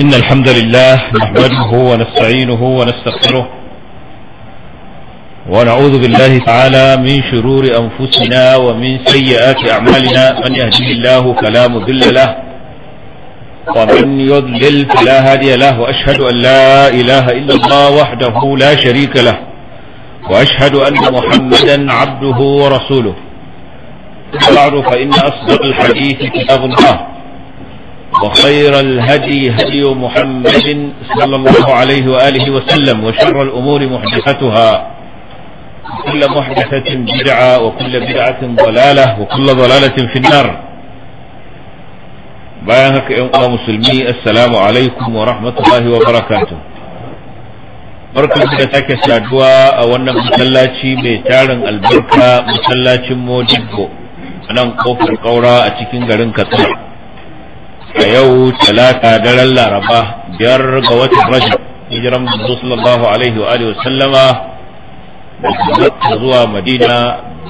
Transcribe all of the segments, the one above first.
إن الحمد لله نحمده ونستعينه ونستغفره ونعوذ بالله تعالى من شرور أنفسنا ومن سيئات أعمالنا من يهدي الله فلا مضل له ومن يضلل فلا هادي له وأشهد أن لا إله إلا الله وحده لا شريك له وأشهد أن محمدا عبده ورسوله بعد فإن أصدق الحديث كتاب الله وخير الهدي هدي محمد صلى الله عليه وآله وسلم وشر الأمور محدثتها كل محدثة بدعة وكل بدعة ضلالة وكل ضلالة في النار بيانك يا مسلمي السلام عليكم ورحمة الله وبركاته barkan da take saduwa a wannan masallaci mai tarin albarka masallacin modibbo a nan kofar kaura a cikin garin katsina a yau talata daren laraba biyar ga watan rajab hijiran manzo sallallahu alaihi wa alihi sallama daga makka zuwa madina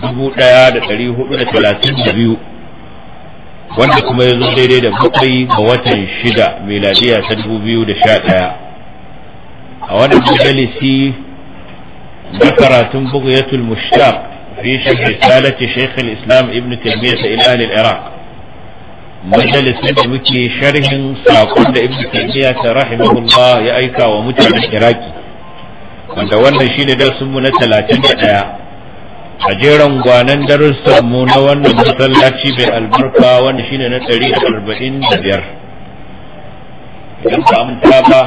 dubu daya da dari hudu da talatin da biyu wanda kuma yanzu daidai da bakwai ga watan shida miladiya ta dubu biyu da sha daya a wannan majalisi na karatun bugu bugayatul mushtaq fi shirhi salati shaykh al-islam ibn taymiyyah ila al-iraq majalisin da muke sharhin saƙon da ibnu taymiya ta rahimahullah ya aika wa mutanen iraki wanda wannan shine darsin mu na 31 a jeran gwanan darussan mu na wannan masallaci bai albarka wanda shine na 145 idan ba manta ba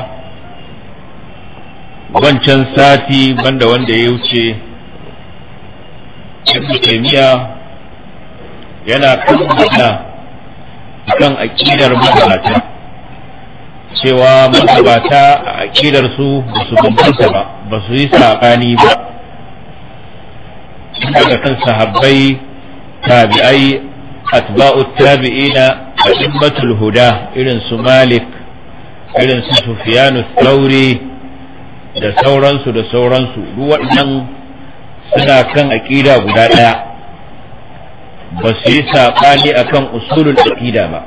wancan sati banda wanda ya wuce ibnu taymiya yana kan kan aƙidar magabata cewa magabata a aƙidar su ba su bambanta ba ba su yi saƙani ba daga kan sahabbai tabi'ai atba'u tabi'ina a'immatul huda irin su malik irin su sufyanu thauri da sauransu da sauransu duk waɗannan suna kan aƙida guda ɗaya ba su yi saɓani a kan usulun aƙida ba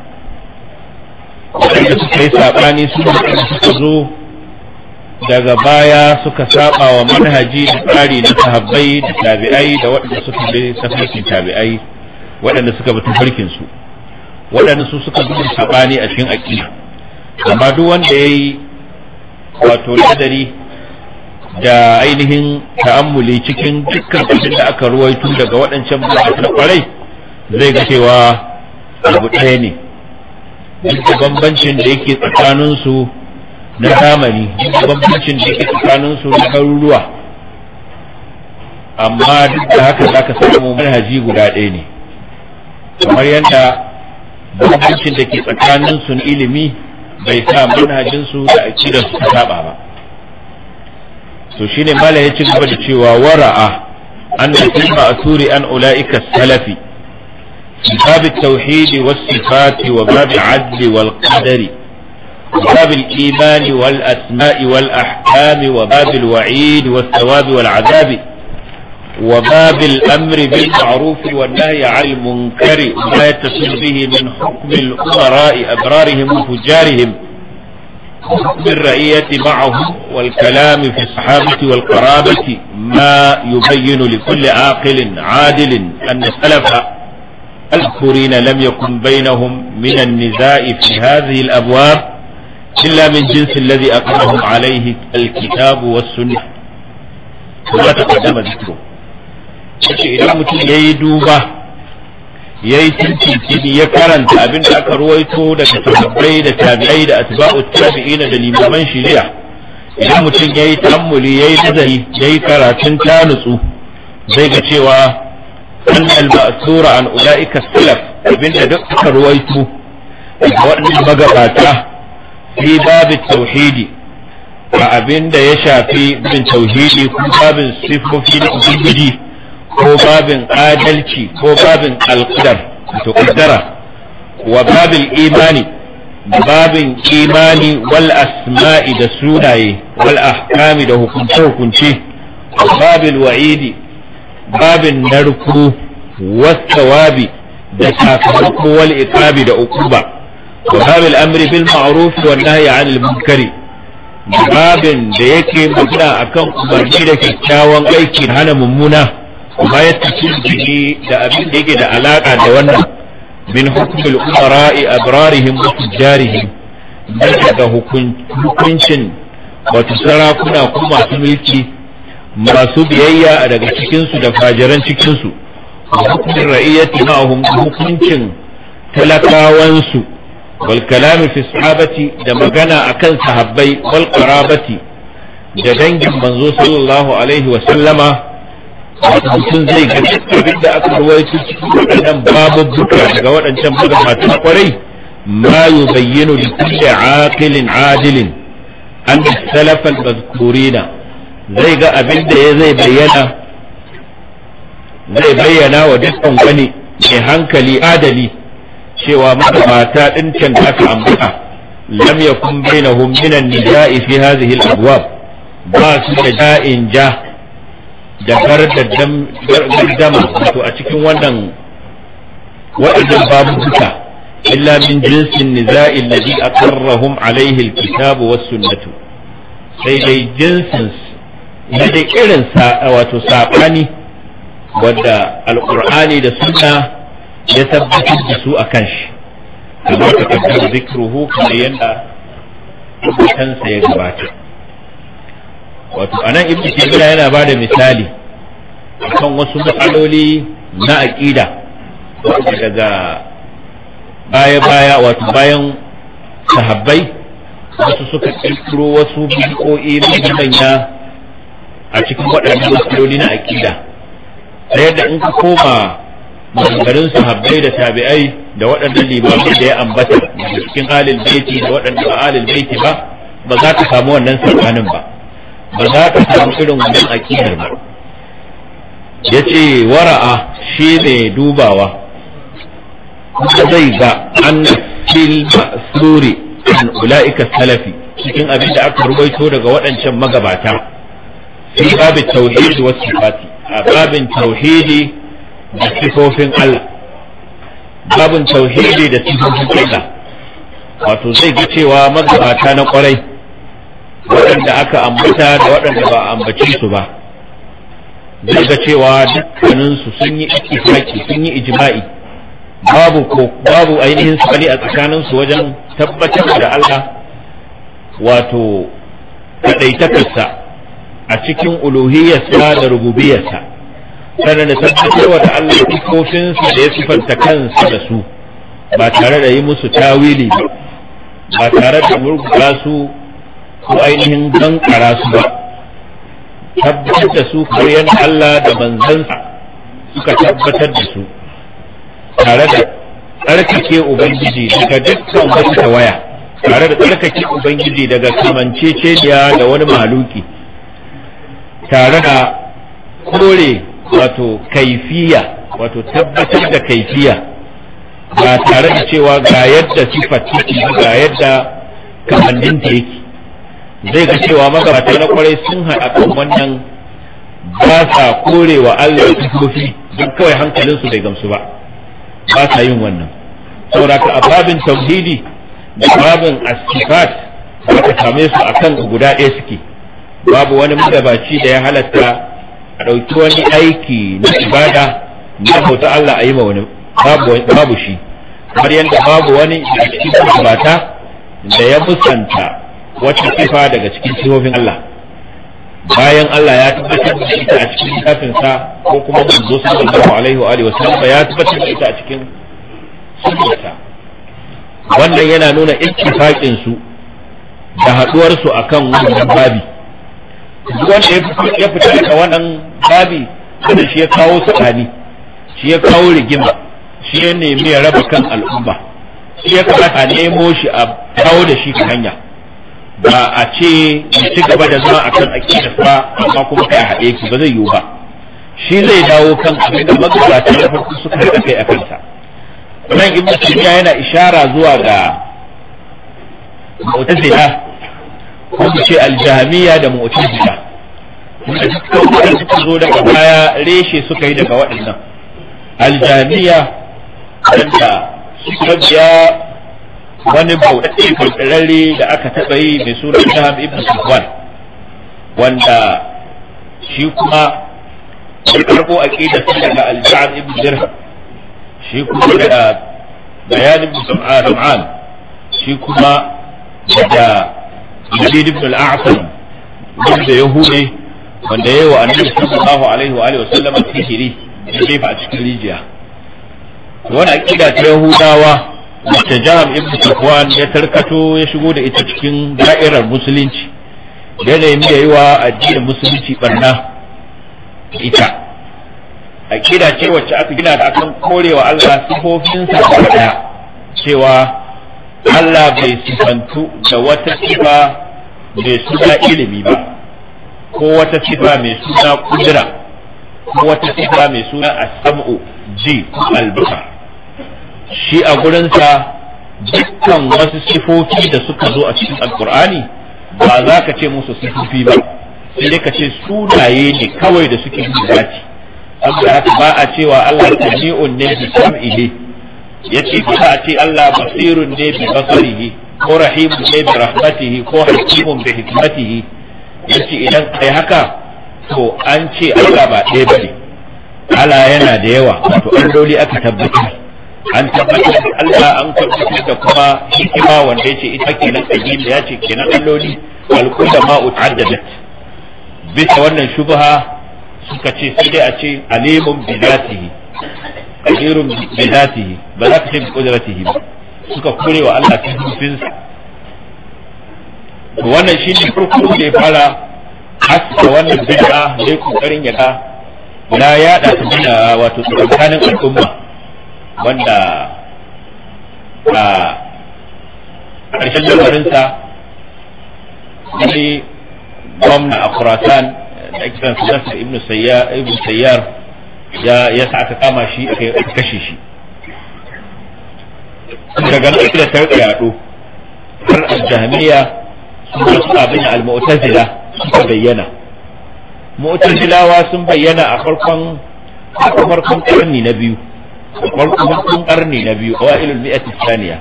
waɗanda suka yi saɓani su suka zo daga baya suka saɓa wa manhaji da tsari na sahabbai da tabi'ai da waɗanda suka bi tafarkin tabi'ai waɗanda suka bi tafarkin su waɗanda su suka da saɓani a cikin aƙida amma duk wanda ya yi wato ladari da ainihin ta'ammuli cikin dukkan abin da aka ruwaito daga waɗancan mutane kwarai zai ga cewa abu ɗaya ne duk bambancin da yake tsakaninsu na zamani duk bambancin da yake tsakaninsu na garuruwa amma duk da haka za ka samu manhaji guda ɗaya ne kamar yadda bambancin da ke tsakaninsu na ilimi bai sa manhajinsu da su ta saba ba to shine mala ya ci gaba da cewa wara'a an da a asuri an ula'ika salafi كتاب باب التوحيد والصفات وباب العدل والقدر وباب الإيمان والأسماء والأحكام وباب الوعيد والثواب والعذاب وباب الأمر بالمعروف والنهي عن المنكر وما يتصل به من حكم الأمراء أبرارهم وفجارهم وحكم الرعية معهم والكلام في الصحابة والقرابة ما يبين لكل عاقل عادل أن السلف المذكورين لم يكن بينهم من النزاع في هذه الأبواب إلا من جنس الذي أقرهم عليه الكتاب والسنة ولا تقدم ذكره idan mutum ya yi duba ya yi tuntuntuni ya karanta abin da aka ruwaito daga sababbai da tabi'ai da asba'u tabi'ina da limaman shari'a idan mutum ya yi tammuli ya yi nazari ya yi karatun ta nutsu zai ga cewa an المأثور عن أولئك السلف ابن ruwaito رويته وأن المقباتة في Tauhidi, a abin da ya shafi bin tauhidi ko babin sifofi na ubangiji ko babin adalci ko babin alƙadar to kaddara wa babin imani babin imani wal asma'i da sunaye wal ahkami da hukunce hukunce babin wa'idi babin narku wasawabi da sakamako wal iqabi da ukuba wa babil amri bil ma'ruf wa nahyi 'anil munkari babin da yake magana akan umarni da kyakkyawan aiki hana mummuna kuma ya tafi da abin da yake da alaka da wannan min hukumul umara'i abrarihim wa tujjarihim daga hukuncin wato sarakuna ko masu mulki masu biyayya daga cikinsu da fajiran cikinsu hukumin ra'iyyati ma'ahum hukuncin talakawansu wal kalami fi sahabati da magana akan sahabbai wal qarabati da dangin manzo sallallahu alaihi wa sallama mutum zai ga abin da aka ruwaito cikin waɗannan babubbuka daga waɗancan magabatan kwarai ma yubayyinu li kulli aqilin adilin an salafa mazkurina zai ga abin da ya zai bayyana zai bayyana wa dukkan wani mai hankali adali cewa mata mata din can da aka ambata lam yakun bainahum min an-nida'i fi hadhihi al-abwab ba su da da'in ja da da dama to a cikin wannan waɗannan babuka illa min jinsin niza'i alladhi aqarrahum alayhi al-kitab was-sunnah sai dai jinsin na da kirin wato saɓani wadda alƙur'ani da sunna ya tabbatar da su a kan shi kamar ta kaddar zikruhu kamar yadda kansa ya gabata wato anan ibnu taymiya yana ba da misali akan wasu matsaloli na aƙida daga baya-baya wato bayan sahabbai wasu suka ƙirƙiro wasu bid'o'i manya a cikin waɗannan matsaloli na aƙida ta yadda in ka koma maganganun sahabbai da tabi'ai da waɗannan limamai da ya ambata da cikin alil baiti da waɗanda ba alil baiti ba ba za ka samu wannan sakanin ba ba za ka samu irin wannan aƙidar ba ya ce wara'a shi ne dubawa kuma zai ga an fil ma'suri an ula'ika salafi cikin abin da aka rubaito daga waɗancan magabata في باب التوحيد والصفات باب a babin tauhidi da sifofin Allah babin wato zai ga cewa mazabata na kwarai waɗanda aka ambata da waɗanda ba a ambace su ba zai ga cewa dukkaninsu sun yi ittifaki sun yi ijma'i babu ko babu ainihin sani a tsakaninsu wajen tabbatar da Allah wato kaɗaitakarsa a cikin uluhiyarsa da rububiyarsa sannan da tabbatarwa da Allah sifofinsa da ya sifanta kansa da su ba tare da yi musu tawili ba ba tare da murgula su ko ainihin bankara su ba tabbatar da su koyan Allah da manzansa suka tabbatar da su tare da tsarkake ubangiji daga dukkan wata waya tare da tsarkake ubangiji daga kamanceceniya da wani maluki tare da kore wato kaifiya wato tabbatar da kaifiya ba tare da cewa ga yadda sifar ciki ga yadda ta yake zai ga cewa magabata na kwarai sun haɗa kan wannan ba sa kore wa Allah sifofi don kawai hankalinsu bai gamsu ba ba sa yin wannan sauraka a babin tauhidi da babin asifat ba ka same su a kan guda ɗaya suke babu wani magabaci da ya halatta a ɗauki wani aiki na ibada na bauta Allah a yi ma wani babu shi har yadda babu wani a cikin bata da ya musanta wata sifa daga cikin sifofin Allah bayan Allah ya tabbatar da ita a cikin kafinsa, ko kuma manzo sallallahu alaihi wa alihi wasallam ya tabbatar da ita a cikin sunnarsa wannan yana nuna ittifaqin su da haduwar su akan wannan babi duk wanda ya fita daga wannan babi da shi ya kawo tsakani shi ya kawo rigima shi ya nemi ya raba kan al'umma shi ya kamata nemo shi a kawo da shi ta hanya ba a ce ya ci gaba da zama a akan da ba amma kuma kai haɗe ki ba zai yiwu ba shi zai dawo kan abin da magabata na farko suka yi kai a kansa nan ibnu yana ishara zuwa ga mu'tazila ko ce aljamiya da mu'tazila da dukkan suka zo daga baya reshe suka yi daga waɗannan aljamiya wanda suka biya wani bauɗaɗɗe kulkurarre da aka taɓa yi mai suna Jaham ibn Sufwan wanda shi kuma ya karɓo a aqida su daga Al-Ja'ad ibn Dirham shi kuma daga bayanin ibn shi kuma daga Yazid ibn al-A'sam wanda Yahude wanda yayi wa Annabi sallallahu alaihi wa alihi wasallam sihiri da jefa a cikin rijiya wani akida ta Yahudawa wacce Jaham ibn Safwan ya tarkato ya shigo da ita cikin da'irar musulunci yanayin da yi wa addinin musulunci barna ita aqida ce wacce aka gina da akan korewa Allah sifofinsa a daya cewa Allah bai sifantu da wata sifa mai suna ilimi ba ko wata sifa mai suna kudura ko wata sifa mai suna asam'u ji ko albasa shi a gurinsa dukkan wasu sifofi da suka zo a cikin alkur'ani ba za ka ce musu sifofi ba sai dai ka ce sunaye ne kawai da suke yi zati saboda ba a cewa Allah sami'un ne bi sam'ihi yace ko a ce Allah basirun ne bi basarihi ko rahimun ne bi rahmatihi ko hakimun bi hikmatihi yace idan kai haka to an ce Allah ba ɗaya bane ala yana da yawa wato alloli aka tabbatar an tabbatar da Allah an tabbatar da kuma hikima wanda yace ita kenan kaji da yace kenan alloli alkulla ma utaddadat bisa wannan shubha suka ce sai dai a ce alimun bi zatihi kashirun bi ba za ka ce ba suka kure wa Allah ta hufin to wannan ne farko da ya fara haska wannan bid'a ne kokarin ya ga na yada ta bina wato tsakanin al'umma wanda a ƙarshen lamarinsa wani gwamna a Khurasan da ake ibn Sayyar ya ya sa aka kama shi aka kashe shi daga nan da ta yaɗo har al-jahmiya sun su abin al-mu'tazila suka bayyana mu'tazilawa sun bayyana a farkon a farkon karni na biyu A farkon karni na biyu awailul mi'ati thaniya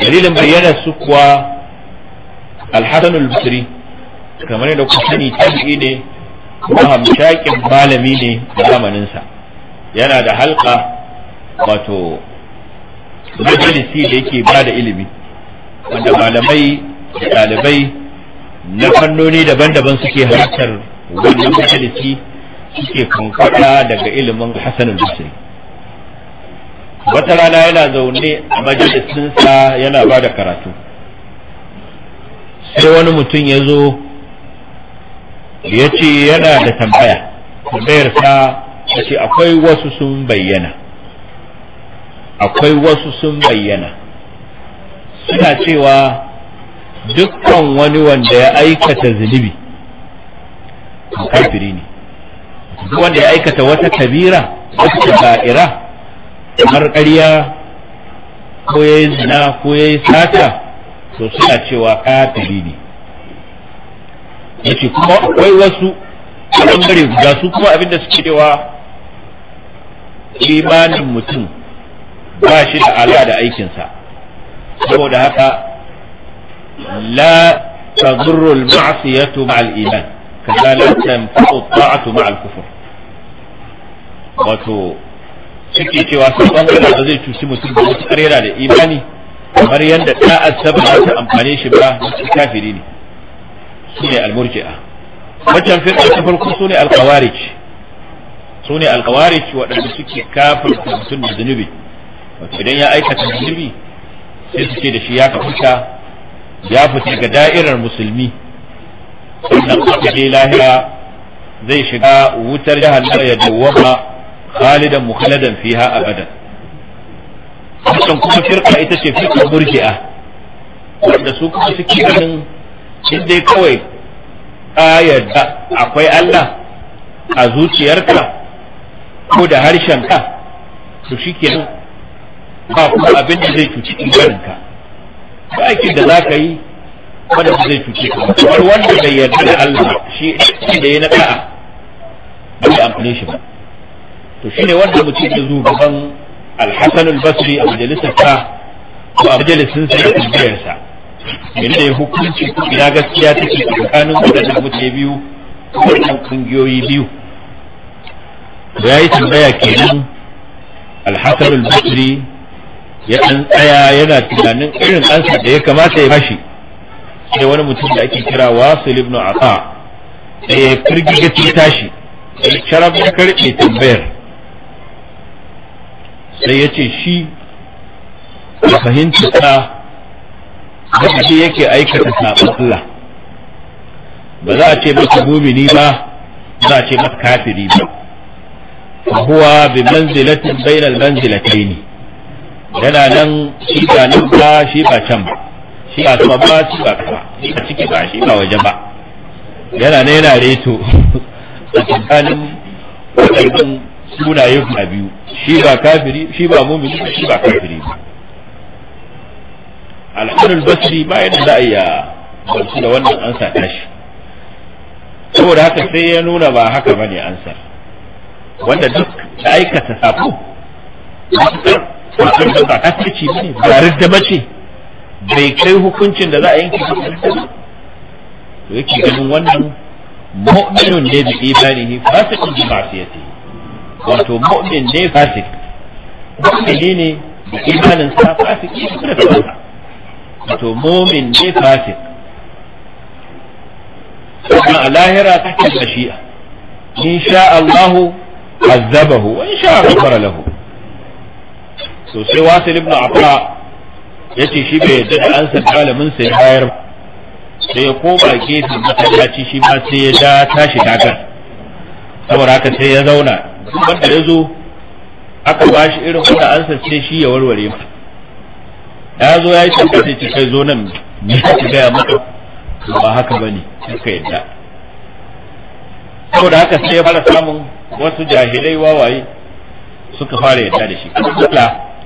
dalilin bayyana su kuwa al-hasan al-basri kamar yadda kuka sani tabi'i ne kuma malami ne zamanin zamaninsa yana da halka wato majalisi da yake ba da ilimi wanda malamai da ɗalibai na fannoni daban-daban suke halartar wannan majalisi suke kankwada daga ilimin hassan al wata rana yana zaune a majalisinsa yana ba da karatu sai wani mutum ya zo ya ce yana da tambaya tambayarsa ya ce akwai wasu sun bayyana akwai wasu sun bayyana suna cewa dukkan wani wanda ya aikata zunubi kafiri ne duk wanda ya aikata wata kabira wata kaba'ira kamar ƙarya ko ya yi zina ko ya yi sata to suna cewa kafiri ne yace kuma akwai wasu a guda su kuma abinda suke cewa imanin mutum ba shi da ala da aikinsa saboda haka la tadurru al-ma'siyatu iman kaza la tanfa'u ta'atu ma'al kufr wato suke cewa sabon Allah ba zai cuci mutum da wata karera da imani kamar yadda da'a sabon ta amfane shi ba wata kafiri ne su ne almurji'a wajen firka ta farko su ne alkawarij su ne alkawarij waɗanda suke kafirta mutum da zunubi wato idan ya aikata zunubi sai su ce da shi ya kafuta ya fita ga da'irar musulmi sannan aka je lahira zai shiga wutar jahannama ya dawwama khalidan mukhalladan fiha abadan wannan kuma firka ita ce firka murji'a wanda su kuma suke ganin in dai kawai a yarda akwai Allah a zuciyarka ko da harshenka to shikenan ba kuma abin da zai cuci imaninka ba aikin da za ka yi wanda zai cuce ka kamar wanda bai yarda da Allah shi da ya na ka'a ba ya shi ba to ne wanda mutum ya zo gaban alhassan al-Basri a majalisar ko a majalisin sa da sa ya hukunci ya gaskiya take tsakanin waɗannan mutane biyu ko kungiyoyi biyu Da ya yi tambaya kenan alhassan al-basri ya ɗan tsaya yana tunanin irin ansa da ya kamata ya bashi sai wani mutum da ake kira wasil ibn asa da ya firgi ga tashi sai sharaf ya tambayar sai ya ce shi a fahimta wanda shi yake aikata sabon Allah ba za a ce masa mumini ba za a ce masa kafiri ba fa huwa bi manzilatin bainal manzilatayn yana nan shi ba nan ba shi ba can ba shi ba sama ba shi ba kasa shi ba ciki ba shi ba waje ba yana ne yana reto a tsakanin wadannan sunaye guda biyu shi ba kafiri shi ba mumini shi ba kafiri ba alhadul basri ba yadda za a yi gamsu da wannan ansa tashi saboda haka sai ya nuna ba haka ba ne ansar wanda duk da aikata sako wasan da ba kafirci ba ne ba da mace bai kai hukuncin da za a yanke ba to yake ganin wannan mu'minun ne bi imanihi fasikun bi ma'siyati wato mu'min ne fasik mu'mini ne da imanin sa fasik ne da kansa wato momin ne fasik a lahira ta da shi in sha Allahu azabahu wa in sha ghafara lahu so sai wasil ibn afa yace shi bai yadda da ansa malamin sai bayar sai ya koma gefe masallaci shi ma sai ya da tashi dagar saboda haka sai ya zauna wanda ya zo aka bashi irin wanda ansa sai shi ya warware masa ya zo ya yi tabbata ce kai zo nan ni ka gaya maka ba haka bane suka yadda saboda haka sai ya fara samun wasu jahilai wawaye suka fara yadda da shi kuma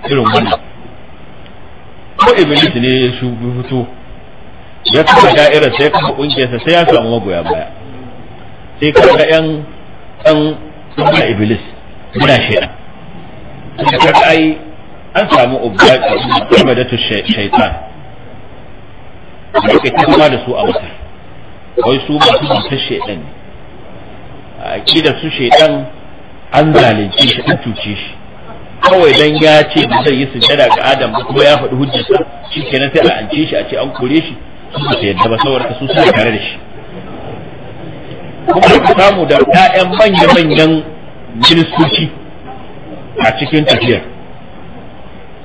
irin wannan ko iblis ne ya shugu fito ya kafa da'irar sai ya kafa kungiyarsa sai ya samu magoya baya sai ka ga yan yan iblis muna shaidan sai ka an samu ubadatu shaitan da ke kuma da su a masar wai su masu mutar shaitan a da su shaitan an zalunce shi an cuce shi kawai dan ya ce ba zai yi sujada ga adam ba kuma ya faɗi hujjarsa shi kenan sai a ance shi a ce an kore shi su ba ta yadda ba saboda su suna tare da shi kuma ka samu da 'ya'yan manya-manyan ministoci a cikin tafiyar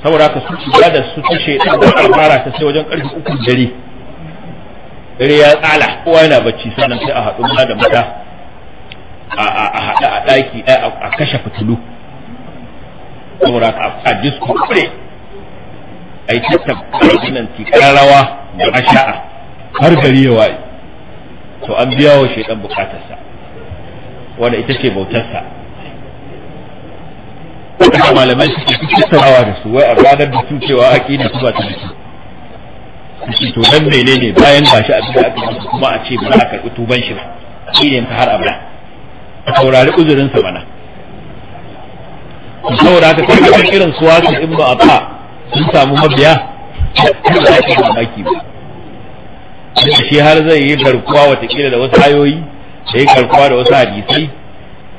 saboda ka su da su ta shaidan da fara ta sai wajen karfi uku dare dare ya tsala kowa yana bacci sannan sai a haɗu mata da mata a haɗa a ɗaki a kashe fitilu saboda ka a disko kure a yi tattaɓa nan tikar da asha'a har gari ya waye to an biya wa shaidan bukatarsa wanda ita ce bautarsa wanda malamai suke tattaunawa da su wai a ranar da su cewa ne su ba ta da su to dan ne bayan ba shi abin da aka yi kuma a ce ba a karɓi tuban shi ba shine ta har abada a saurari uzurin sa mana saboda haka kai kan irin su wasu in ba a ba sun samu mabiya ba za ka yi ba shi har zai yi garkuwa watakila da wasu ayoyi da yi karkuwa da wasu hadisai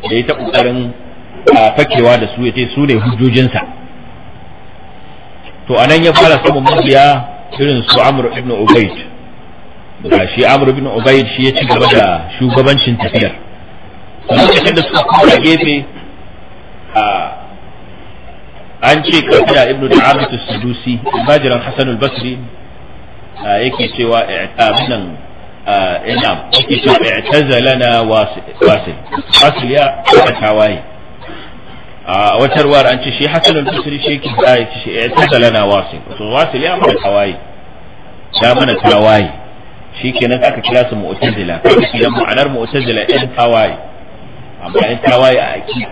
da yi ta ƙoƙarin a fakewa da su yace su ne hujjojinsa to anan ya fara samun mabiya irin su Amr ibn Ubayd da shi Amr ibn Ubayd shi ya ci gaba da shugabancin tafiyar lokacin da suka koma gefe an ce kafiya ibn Da'amat al sudusi bajiran Hasan al-Basri yake cewa abinan ina yake cewa i'tazalana wasil wasil ya tawaye a wata ruwar an ce shi hasan al-basri shi ke da yake shi ya eh, tsada lana wasil to wasil ya mana tawayi ya mana tawayi shikenan aka kira su mu'tazila idan ma'anar mu'tazila in tawayi amma in tawayi a aki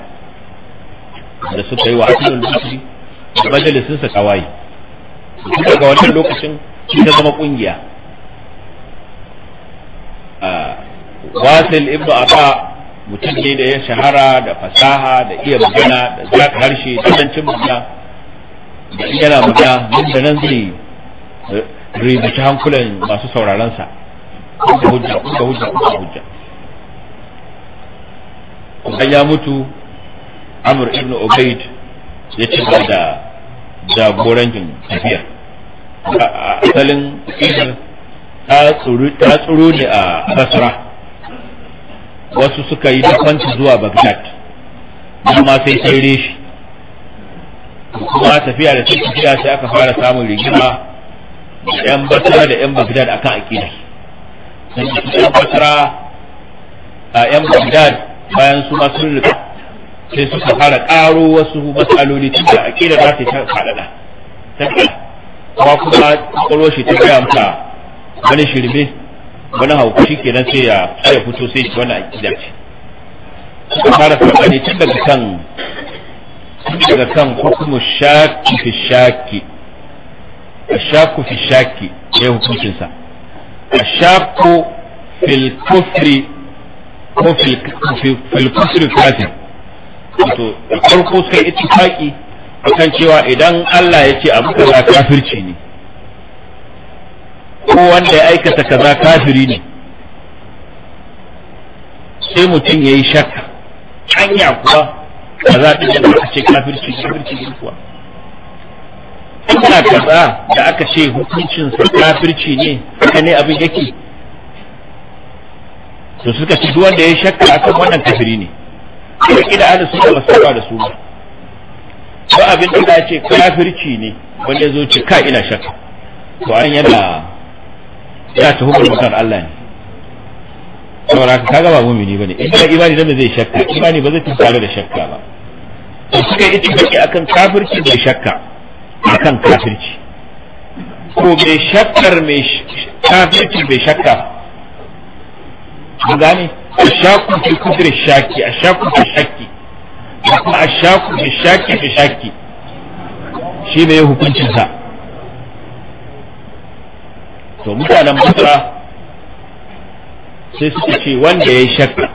da suka yi wa hasan al-basri da majalisin sa tawayi duk daga wannan lokacin shi ta zama kungiya wasil ibnu ata mutum ne da ya shahara da fasaha da iya magana da zaka harshe da zancin magana da yana magana nan da nan zai ribaci hankulan masu sauraronsa da hujja da hujja da hujja kuma ya mutu amur ibn ubaid ya ci da jagorancin tafiya asalin ta tsuru ne a basra wasu suka yi dafanci zuwa bagdad amma sai sai shi kuma tafiya da tafiya sai aka fara samun rigima da yan basra da yan bagdad akan aqida yan basra a yan bagdad bayan su ma sun rika sai suka fara karo wasu matsaloli tunda aqida za ta faɗaɗa ta kuma kuma kwakwalwar ta gaya mata wani shirme wani hauku shi kenan sai ya sai fito sai shi wani da ce a fara sabani tun daga kan tun daga kan hukumu shaki fi shaki shaku fi shaki ya hukuncin sa A fil kufri ko fil kufri kafir wato farko sai ittifaqi akan cewa idan Allah ya ce abu kaza kafirci ne ko wanda ya aikata kaza kafiri ne sai mutum ya yi shakka hanya kuwa kaza ta da aka ce kafirci kafirci kuwa ina kaza da aka ce hukuncinsa kafirci ne haka ne abin yake to suka ci duk wanda ya shakka akan wannan kafiri ne da kila ahli sunna ba da su ba ko abin da ya ce kafirci ne wanda ya zo ci ka ina shakka to an yana ya tuhumar mutar Allah ne saboda ka gaba ba mumini bane in da imani dan zai shakka imani ba zai tsare da shakka ba to suka yi a akan kafirci da shakka akan kafirci ko mai shakkar mai kafirci mai shakka gane ashaku fi kudur shaki a ashaku fi shakki kuma ashaku fi shaki fi shakki shi ne hukuncinsa sa to mutanen basra sai suka ce wanda ya shakka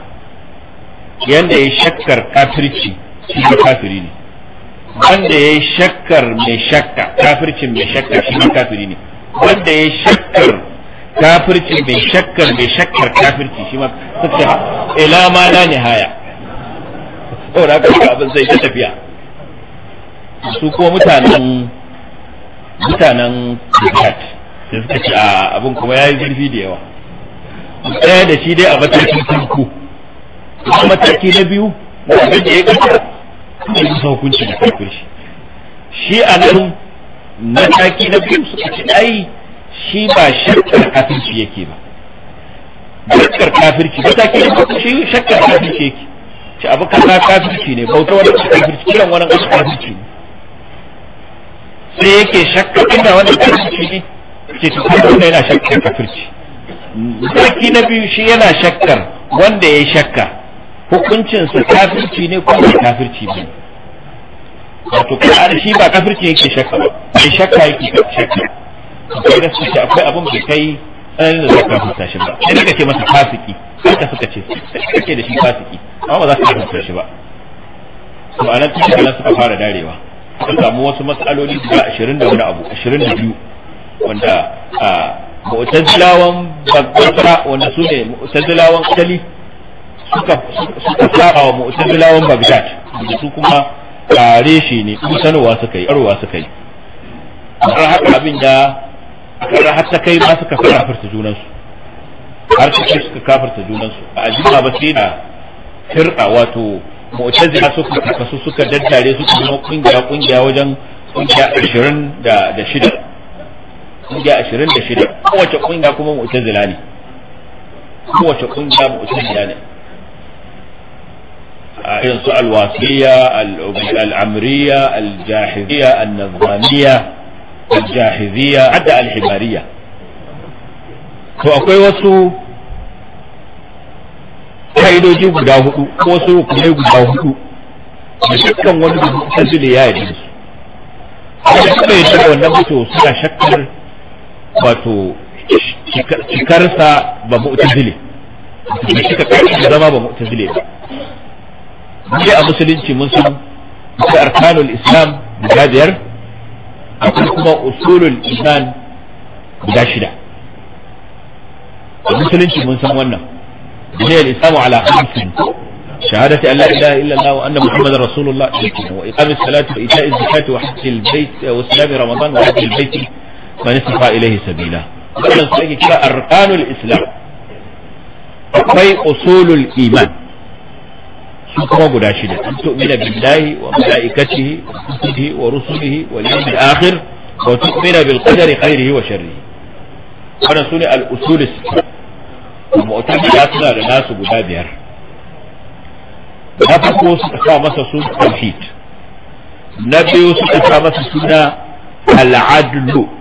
yanda ya shakkar kafirci shi ma kafiri ne wanda ya shakkar mai shakka kafircin mai shakka shi ma kafiri ne wanda ya shakkar kafirci mai shakkar mai shakkar kafirci shi ma suka ce ila ma haya. nihaya saboda haka abin sai ta tafiya su ko mutanen mutanen kafirci sai suka ce a abin kuma ya yi zurfi da yawa ɗaya da shi dai a matakin farko a mataki na biyu wanda da ya kasa kuma yi sa hukunci da kafin shi shi a nan mataki na biyu suka ce ai shi ba shakkar kafirci yake ba shakkar kafirci mataki na farko shi shakkar kafirci yake ci abu kasa kafirci ne bauta wani kafirci kiran wani kafirci ne sai yake shakkar inda wani kafirci ne ke to kai wanda yana shakkar kafirci zaki na biyu shi yana shakkar wanda ya shakka hukuncinsa kafirci ne ko ba kafirci ba wato kuma shi ba kafirci yake shakka ba mai shakka yake shakka akwai da shi akwai abin bai kai tsananin da zaka hukunta shi ba sai ka ce masa fasiki ka suka ce kake da shi fasiki amma ba za su hukunta shi ba to anan tun da suka fara darewa suka samu wasu matsaloli guda ashirin da wani abu ashirin da biyu wanda a mu'tazilawan basra wanda su ne mu'tazilawan kali suka saba wa mu'tazilawan bagdad da su kuma tare shi ne kusanwa suka yi arwa suka yi har haka abin da har har ta kai ma suka kafarta junansu har ta kai suka kafarta junansu a ajima ba sai da firqa wato mu'tazila suka kasu suka daddare suka zama kungiya kungiya wajen kungiya 26 da shida kungiya ashirin da shida kowace kungiya kuma mu'tazila ne kowace kungiya mu'tazila ne irin su alwasiya al'amriya aljahiliya annazamiya aljahiliya hadda alhibariya to akwai wasu ka'idoji guda hudu ko wasu rukunai guda hudu da dukkan wani mu'tazila ya yi su a cikin mai shirin wannan mutu suna shakkar wato cikarsa ba mu'tazili da shi ka zama ba mu'tazili ba mu a musulunci mun san da arkanul islam guda biyar akwai kuma usulul iman guda shida a musulunci mun san wannan ne al-islamu ala khamsin شهادة أن لا إله إلا الله وأن محمد رسول الله وإقام الصلاة وإيتاء الزكاة وحج البيت وصيام رمضان وحج البيت fanisifa ilaihi sabila wannan su ake kira arkanul islam akwai usulul iman su kuma guda shida an tu'mina billahi wa malaikatihi wa kutubihi wa rusulihi wal yawmil akhir wa tu'mina bil qadari khairihi wa sharrihi wannan sune al usul suna da nasu guda biyar na farko suka sa masa suna tauhid na biyu suka sa masa suna al-adlu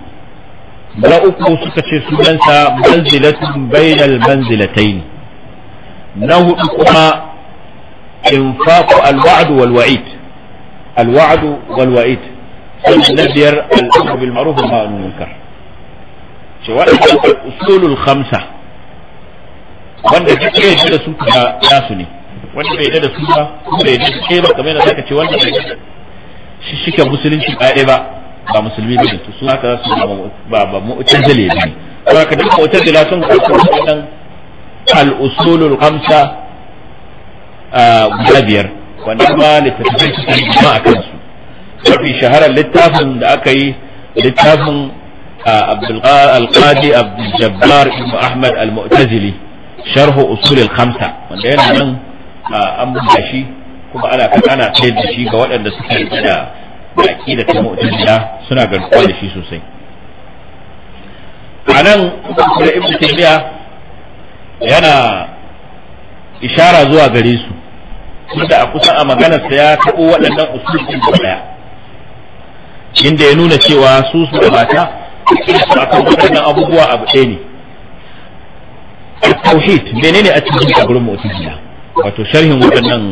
na uku suka ce sunansa manzilatun bainal manzilataini na hudu kuma infaqu alwa'd wal wa'id alwa'd wal wa'id na biyar al'amru bil ma'ruf wa nahyi munkar ce waɗannan usulul khamsa wanda duk ya yi da su kuma nasu ne wanda bai da su ba bai da ke ba kamar yadda zaka ce wanda bai da shi shike musulunci ɗaya ba eh ba musulmi ba ne su haka su ba ba mu'tazile ba ne kuma ka duk mu'tazila sun karɓi wannan al-usulul khamsa guda biyar wanda ma littattafai suka yi jima a kansu mafi shaharar littafin da aka yi littafin al-qadi abdul-jabbar ibn ahmad al-mu'tazili sharhu usulul khamsa wanda yana nan an buga shi kuma ana ana sayar da shi ga waɗanda suka yi da da aqida ta mu'tazila suna garkuwa da shi sosai anan da ibnu taymiya yana ishara zuwa gare su tunda a kusa a sa ya taɓo waɗannan usulun da ɗaya inda ya nuna cewa su su da mata su akan waɗannan abubuwa abu ɗaya ne tauhid menene a cikin a gurin mutum wato sharhin waɗannan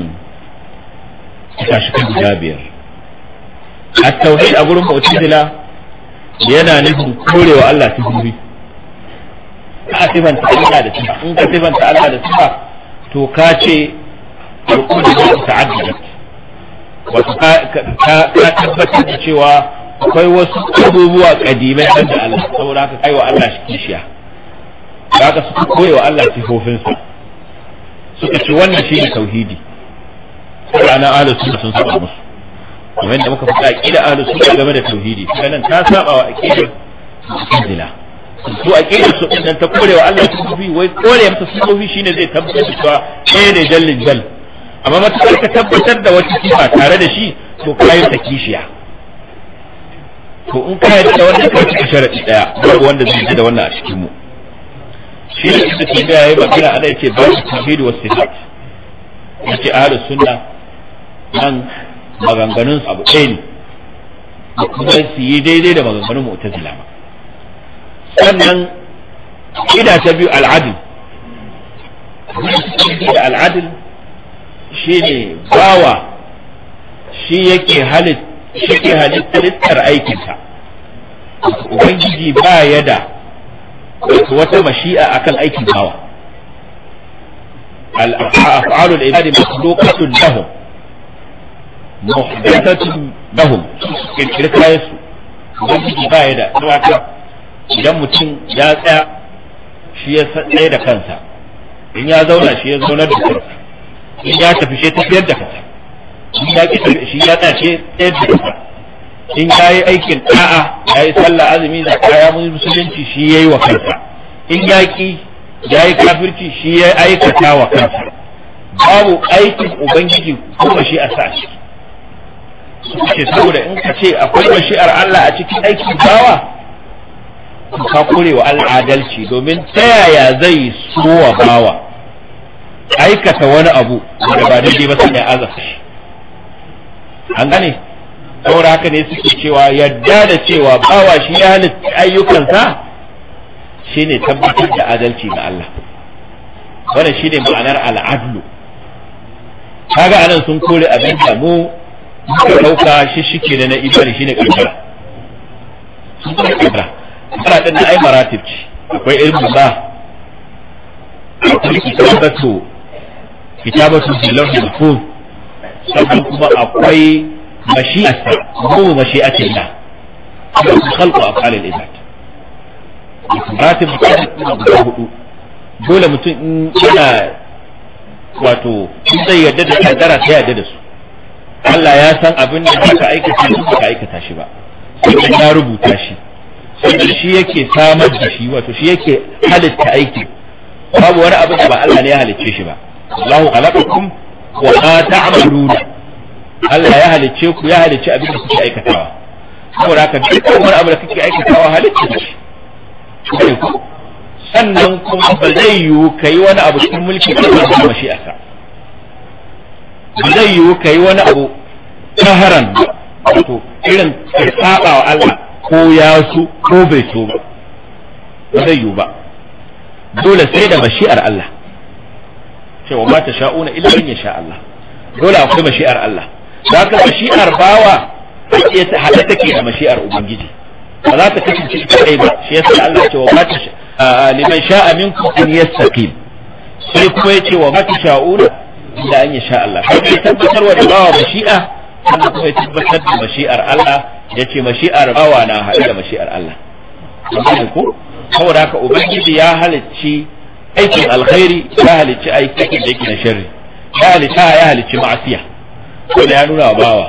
kashikan guda biyar A tauhid a gurin mu'tazila yana nufin korewa Allah sifofi ka sifanta Allah da sifa in ka sifanta Allah da sifa to ka ce ka tabbatar cewa akwai wasu abubuwa kadimai kan da Allah saboda haka kaiwa wa Allah shi kishiya haka suka koyewa Allah sifofinsa suka ce wannan shi ne tauhidi ranar ahlus sunna sun saba musu kamar da muka faɗa aqida ahlus sunna game da tauhidi kanan ta saba wa aqidar mu'tazila su aqidar su din nan ta korewa Allah kufi wai kore mata sufi shine zai tabbatar cewa eh ne jallin jal amma matakar ka tabbatar da wata sifa tare da shi to kai ta kishiya to in ka yarda wannan ka cika sharadi daya babu wanda zai yarda da wannan a cikin mu shi ne da ke da yayi magana ana yace ba su tauhidi was sifat yace ahlus sunna nan maganganun abu ɗaya ne kuma su yi daidai da maganganun mu'tazila ba sannan ida ta biyu al'adil da al'adil shine bawa shi yake halit shi ke halittar aikinsa ubangiji ba ya da wata mashi'a akan aikin bawa al-af'alul ibadi makhluqatun lahum muhdathatun lahum kirkir kayan su ubangiji ba baya da tsawaka idan mutum ya tsaya shi ya tsaye da kansa in ya zauna shi ya zauna da kansa in ya tafi shi tafiyar da kansa in ya ki shi ya tsaya shi tsaye da kansa in ya yi aikin da'a ya yi sallah azumi kaya ya musulunci shi ya yi wa kansa in ya ki ya yi kafirci shi ya aikata wa kansa babu aikin ubangiji kuma shi a sa shi ce saboda in ka ce akwai mashi'ar Allah a cikin aikin bawa ka kore wa al'adalci domin ta yaya zai so wa bawa aikata wani abu da ba daidai ba sai ya shi? an gane saboda haka ne suke cewa yadda da cewa bawa shi ya halitta ayyukansa shine tabbatar da adalci ga Allah wannan shine ma'anar al'adlu kaga anan sun kore abin da mu suka ɗauka shi shike da na imani shine kankara kankara kankara ɗin na ai maratib ce akwai irin ilmu ba akwai kitabatu kitabatu zillahu mahfuz sannan kuma akwai mashi'ata ko mashi'atillah khalqu af'al al-ibad maratib guda hudu dole mutum in yana wato in zai yarda da kankara sai yarda da su Allah ya san abin da baka aikata shi baka aikata shi ba sai ya rubuta shi sai shi yake samar da shi wato shi yake halitta aiki babu wani abin da ba Allah ne ya halicce shi ba Allahu khalaqakum wa ma ta'malun Allah ya halicce ku ya halicce abin da kuke aikatawa saboda haka duk wani abu da kuke aikatawa halitta shi sannan kuma ba zai yiwu kai wani abu cikin mulki da ba shi aka ba zai yiwu ka yi wani abu taharan wato irin ka saba wa Allah ko ya su ko bai so ba ba zai yiwu ba dole sai da mashi'ar Allah cewa ma ta sha'una illa ya yasha Allah dole akwai mashi'ar Allah za ka mashi'ar bawa ake ta hada take da mashi'ar ubangiji ba za ta kasance kai ba shi yasa Allah ya ce wa ma liman sha'a minkum an yastaqim sai kuma ya ce wa mata sha'una illa an yasha Allah sai tabbatarwa da bawa mashi'a sannan kuma ya tabbatar da mashi'ar Allah yace mashi'ar bawa na haɗu da mashi'ar Allah amma ko saboda haka ubangiji ya halicci aikin alkhairi ya halicci aikin da yake na sharri ya halicci ya halicci ma'asiya ko da ya nuna wa bawa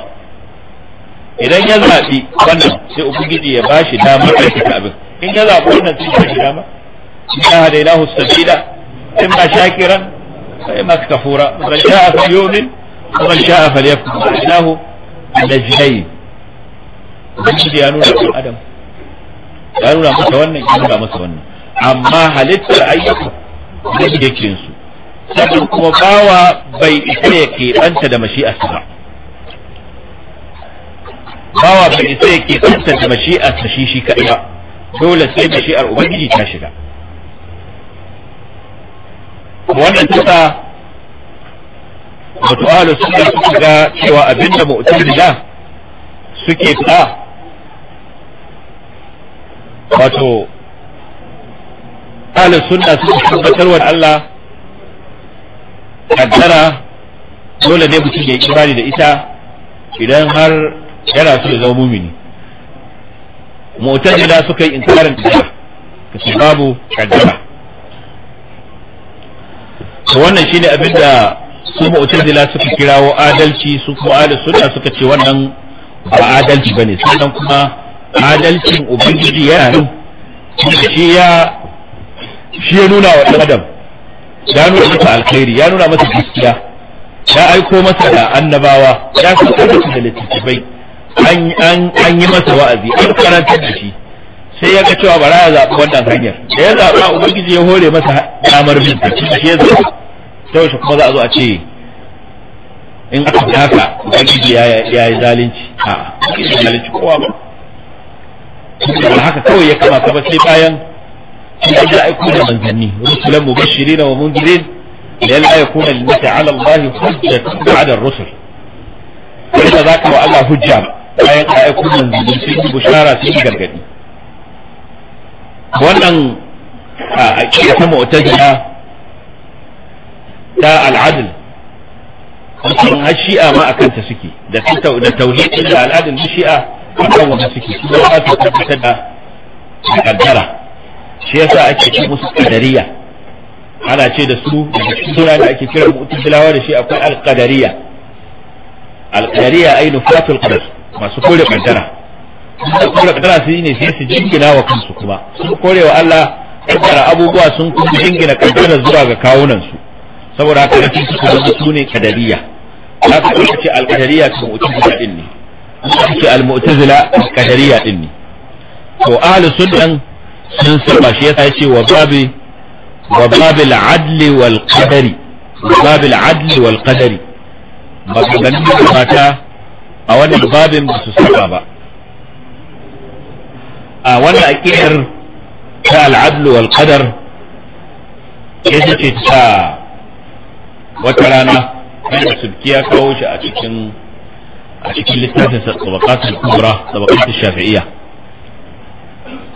idan ya zaɓi wannan sai ubangiji ya bashi damar aikata abin in ya zaɓi wannan sai ya bashi dama inna hadainahu sabila imma shakiran فإما كفورا من شاء فليؤمن ومن شاء فليكفر فإنه نجدين من شدي أنونا أدم أنونا مسوانا أنونا مسوانا أما هلت رأيك نجد كينسو سبب مباوى بي إسيكي أنت دمشي أسرع مباوى بي إسيكي أنت دمشي أسرع شيشي كأيها دولة سيد مشيئة أبنجي تاشرع wannan tasa wato ahlu sunna suka ga cewa abinda mu'tazila suke ta, wato ahlu sunna suka tabbatar wa Allah kaddara dole ne mutum ya yi imani da ita idan har yana so ya zama mumini mu'tazila suka yi inkarin kaddara babu kaddara to wannan shine abin da su mu'tazila suka kirawo adalci su kuma ahlus sunna suka ce wannan ba adalci bane sannan kuma adalcin ubangiji yana nan shi ya shi ya nuna wa ɗan adam ya nuna masa alkhairi ya nuna masa gaskiya ya aiko masa da annabawa ya san da littattafai an yi masa wa'azi an karantar da shi sai ya ga cewa bara ya zaɓi wannan hanyar da ya zaɓa ubangiji ya hore masa damar bin ta shi ya zaɓa ta yaushe kuma za a zo a ce in aka haka ubangiji ya yi zalunci a ubangiji zalunci kowa ba ba haka kawai ya kamata ba sai bayan shi ya ji aiko da manzanni rusulan mubashirina wa mundirin lalla yakuna lillahi ala allahi hujjatun ba'da ar-rusul kuma za ka wa Allah hujja bayan ka aiko manzanni sai bishara sai gargadi wannan a aƙida ta mu'tazila ta al'adl wajen har shi'a ma akan ta suke da da tauhidin da al'adun da shi'a akan wanda suke su ba su tabbatar da kaddara shi yasa ake ce musu qadariya ana ce da su da suna da ake kira mu'tazilawa da shi akwai al-qadariya al-qadariya ay nufatul qadar masu kore kaddara da kore kadara su yi ne sai su jingina wa kansu kuma sun kore wa Allah kaddara abubuwa sun kuma jingina kaddara zuwa ga kawunan su saboda haka da suka zama su ne kadariya za ka ɗauka ce alkadariya ta mu'tazila din ne za ce al-mu'tazila kadariya din ne to ahlus sunnah sun saba shi yasa yace wa babi wa babil adli wal qadari babil adli wal qadari maganganun mata a wannan babin ba su saba ba a wannan aƙidar ta al'adlu wal qadar ita ce ta wata rana da subki ya kawo shi a cikin a cikin littafin sabaqatul kubra sabaqatul shafi'iyya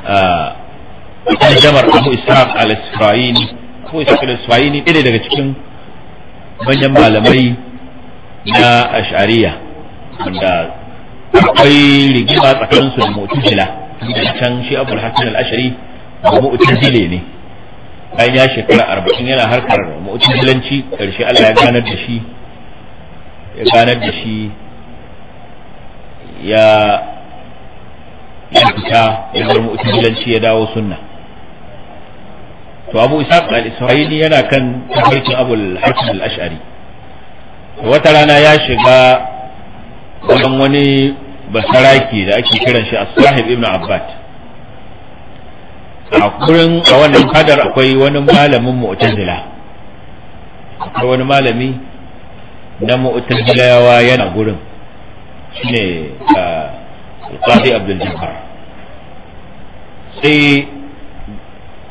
a jamar abu isra'il al-isra'ini ko isra'il al-isra'ini ɗaya daga cikin manyan malamai na ash'ariya wanda akwai rigima tsakaninsu da mutujila da can shi abul hasan al-ashari mu'tazile ne bayan ya shekara arba'in yana harkar mu'tazilanci karshe Allah ya ganar da shi ya ganar da shi ya fita ya bar mu'tazilanci ya dawo sunna to Abu Ishaq al-Isra'ili yana kan tafarkin Abul Hasan al-Ash'ari wata rana ya shiga wajen wani basaraki da ake kiran shi as-sahib ibn abbad a kurin a wannan hadar akwai wani malamin mu'tazila akwai wani malami na mu'tazilawa yana gurin shine al-qadi abdul jabbar sai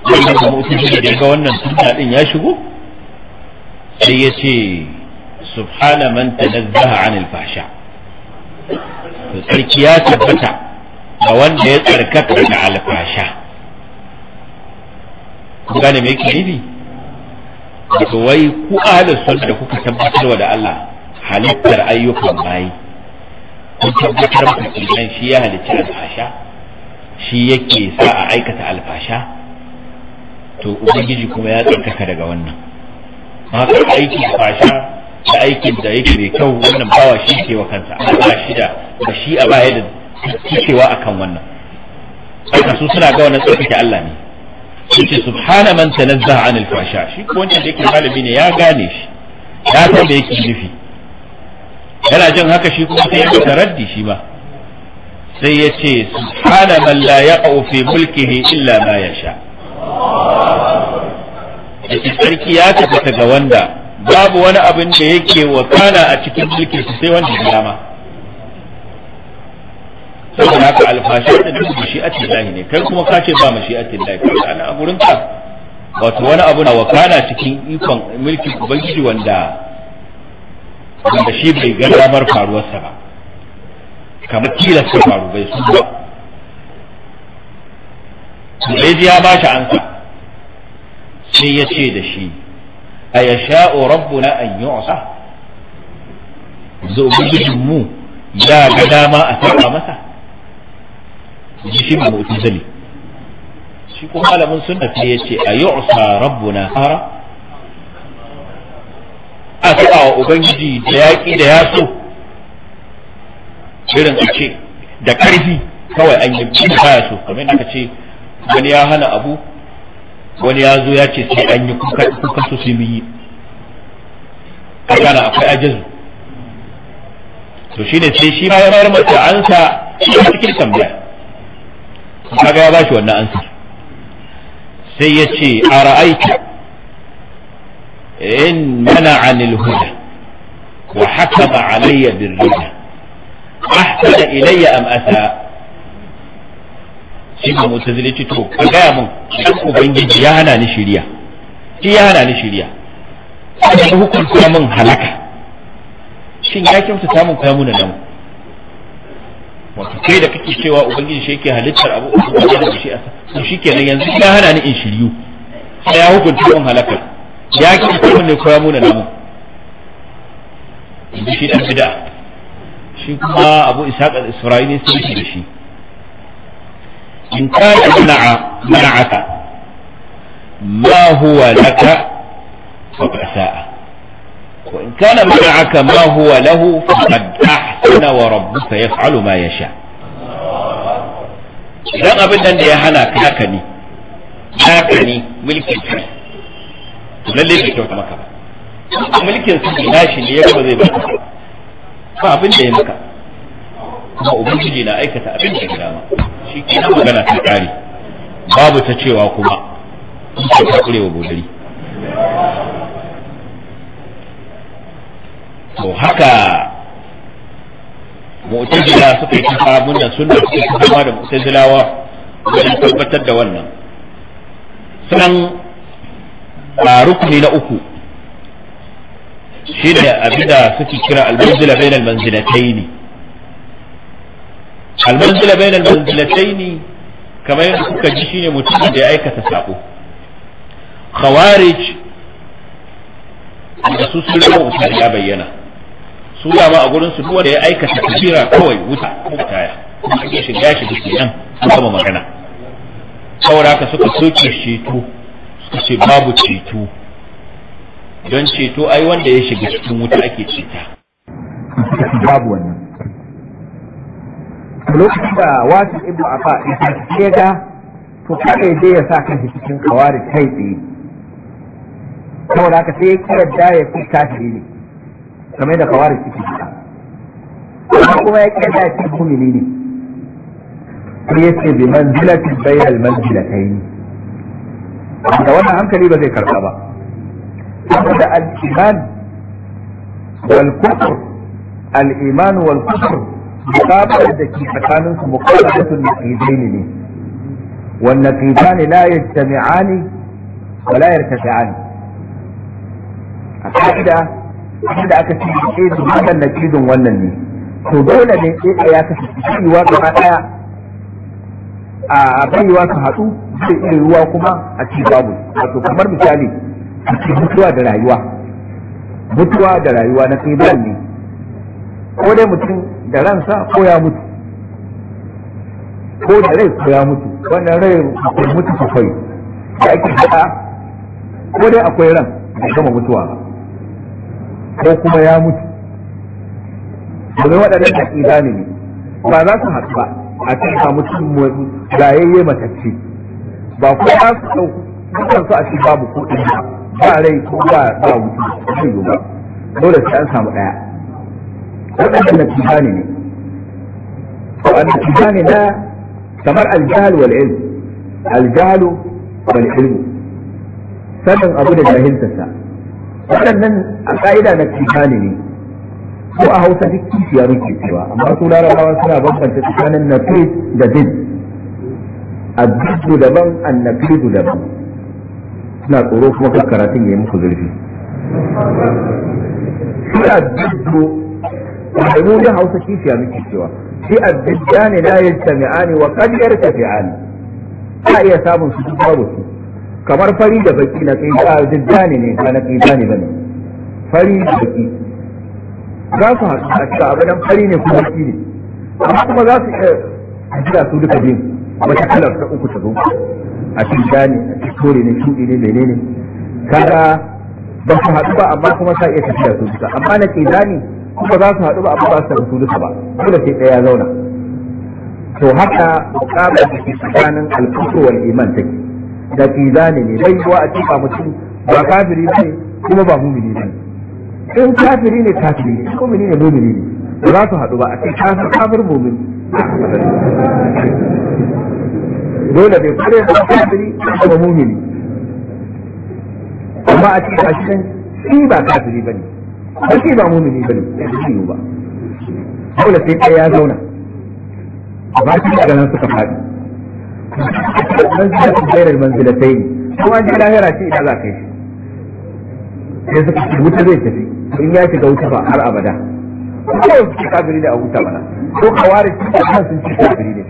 wannan mu'tazila da ga wannan sunna din ya shigo sai ya ce subhana man tanazzaha anil fahsha' tsarki ya tabbata ga wanda ya tsarkaka daga alfasha ku gane me yake nufi wato wai ku ahlus sunna da kuka tabbatarwa da Allah halittar ayyukan bayi kun tabbatar maka shi ya halicci alfasha shi yake sa a aikata alfasha to ubangiji kuma ya tsarkaka daga wannan haka aikin fasha da aikin da yake mai kyau wannan bawa shi ke wa kansa an shida. ba shi a baya da a akan wannan haka su suna ga wannan tsarkake Allah ne su ce subhana man tanazzaha anil fasha shi ko wancan da yake malami ne ya gane shi ya san da yake nufi yana jin haka shi kuma sai ya fita raddi shi ma sai ya ce subhana man la yaqau fi mulkihi illa ma yasha yake sarki ya tafi ga wanda babu wani abin da yake wakana a cikin mulkin sai wanda ya dama saboda ka alfashi da duk mashi'atin lahi ne kai kuma ka ce ba mashi'atin lahi ana a gurin ka wato wani abu na wakana cikin ikon mulkin ubangiji wanda wanda shi bai ga damar faruwarsa ba kamar tilasta faru bai su ba dai ya ba shi ansa sai ya ce da shi a ya sha'u rabbuna an yu'sa zo ubangijin mu ya ga dama a saka masa ji shi ba mu'tazili shi ko malamin sunna sai ya ce a yu'sa rabbuna fara. a saba wa ubangiji da yaƙi da yaso irin a ce da ƙarfi kawai an yi bi baya so kamar aka ce wani ya hana abu wani ya zo ya ce sai an yi kuka so su yi a gana akwai ajazu to shine sai shi ma ya bayar mata sa cikin tambaya kaga ya bashi wannan ansa sai ya ce a ra'aita in mana anil huda wa hakama alayya bin rida ahsana ilayya am asa shi ma mutazili zile to ka gaya mun idan ubangiji ya hana ni shiriya shi ya hana ni shiriya sai hukunta mun halaka shin ya kyautata samun kai mun nan wato kai da kake cewa ubangiji shi yake halittar abu da shi a to shikenan yanzu ya hana ni in shiryu sai ya hukunta in halaka ya ki kuma ne koya muna namu inda shi dan bid'a shi kuma abu ishaq al-isra'ili sai shi da shi in kana mana'a mana'aka ma huwa laka fa sa'a وإن كان معك ما هو له فقد أحسن وربك يفعل ما يشاء idan abin nan da ya hana ka haka ne haka ne mulkin ka lalle maka ba mulkin sa ne shi ne ya gaba zai baka ba abin da ya maka kuma ubangiji na aikata abin da ya dama shi ke magana ta kare babu ta cewa kuma in ka kure wa godari to haka mu'tazila suka yi kafa munna sunna suka yi kafa da mu'tazilawa wajen tabbatar da wannan sanan a rukuni na uku shi da abinda suke kira almanzila bain almanzilatayn almanzila bain almanzilatayn kamar yadda kuka ji shine mutum da ya aikata sabo khawarij da su sun rawa ya bayyana su dama a gurin su duwa wanda ya aikata kabira kawai wuta ko taya kuma ake shiga shi kenan an gama magana saboda haka suka soke ceto suka ce babu ceto don ceto ai wanda ya shiga cikin wuta ake ceta babu wannan lokacin da wasu ibnu afa ya ga to kada ya je ya sa kansa cikin kawari kai tsaye saboda haka sai ya kira da ya fi kafiri ne kamar da kawari suke fita kuma ya kyanta shi mumini ne ne sai ya ce bi manzilatin bayyal manzilatayn da wannan hankali ba zai karba ba saboda al-iman wal kufr al-iman wal kufr muqabala da ke tsakanin su muqabalatul naqidain ne wal naqidan la yajtami'ani wa la a ka'ida da aka ce ke su wannan na cizon wannan ne to dole ne ɗaya ya kashe cikiwa gaba ɗaya a baiwa su haɗu zai iya ruwa kuma a ci babu wato kamar misali a ci mutuwa da rayuwa mutuwa da rayuwa na tsibirin ne ko dai mutum da ransa ko ya mutu ko da rai ko ya mutu wannan rai mutu sosai da ake haɗa ko dai akwai ran da gama mutuwa ba ko kuma ya mutu domin waɗannan aƙida ne ba za su haɗu ba a cikin mutum gayayye matacce ba ko za su ɗau dukkan su a cikin babu kuɗin ba ba rai ko ba ba wuce zai yi ba dole sai an samu ɗaya waɗannan aƙida ne waɗannan aƙida ne na kamar aljahal wal ilm aljahalu wal ilmu sanin abu da jahiltarsa waɗannan a ƙa'ida na kifani ne ko a hausa duk kishiya muke cewa amma su larabawa suna bambanta tsakanin nafis da din addu'u daban annafidu daban suna tsoro kuma kan karatun ya yi muku zurfi shi addu'u wanda mu da hausa kishiya muke cewa shi addu'a ne na yin yajtami'ani wa qad yartafi'ani a iya samun su babu su kamar fari da baki na kai jajjani ne ba na kai ba ne fari da baki za su haɗu a cikin abu nan fari ne kuma baki ne amma kuma za su iya jira su duka biyu wata kalar ta uku ta zo a cikin jani a cikin kore ne shuɗi ne ne kaga ba su haɗu ba amma kuma sa iya tafiya su duka amma na kai jani kuma za su haɗu ba amma ba su tafi su duka ba dole sai ɗaya zauna to haka mukamar da ke tsakanin alfusu wal iman take da kizani ne bai kuwa a tuka mutum ba kafiri ne kuma ba mumini ne in kafiri ne kafiri ne mumini ne mumini ne ba za su haɗu ba a ce kafir kafir mumin dole bai kare ba kafiri kuma mumini amma a ce a cikin shi ba kafiri ba ne, ba shi ba mumini bane shi ba dole sai ɗaya ya zauna ba shi daga nan suka faɗi bayar manzilatu gairar manzilatai kuma an ji lahira ce ina za ka yi sai suka ce wuta zai tafi in ya shiga wuta ba har abada ko su ci kafiri da a wuta mana ko ka ware su da kan sun ci kafiri ne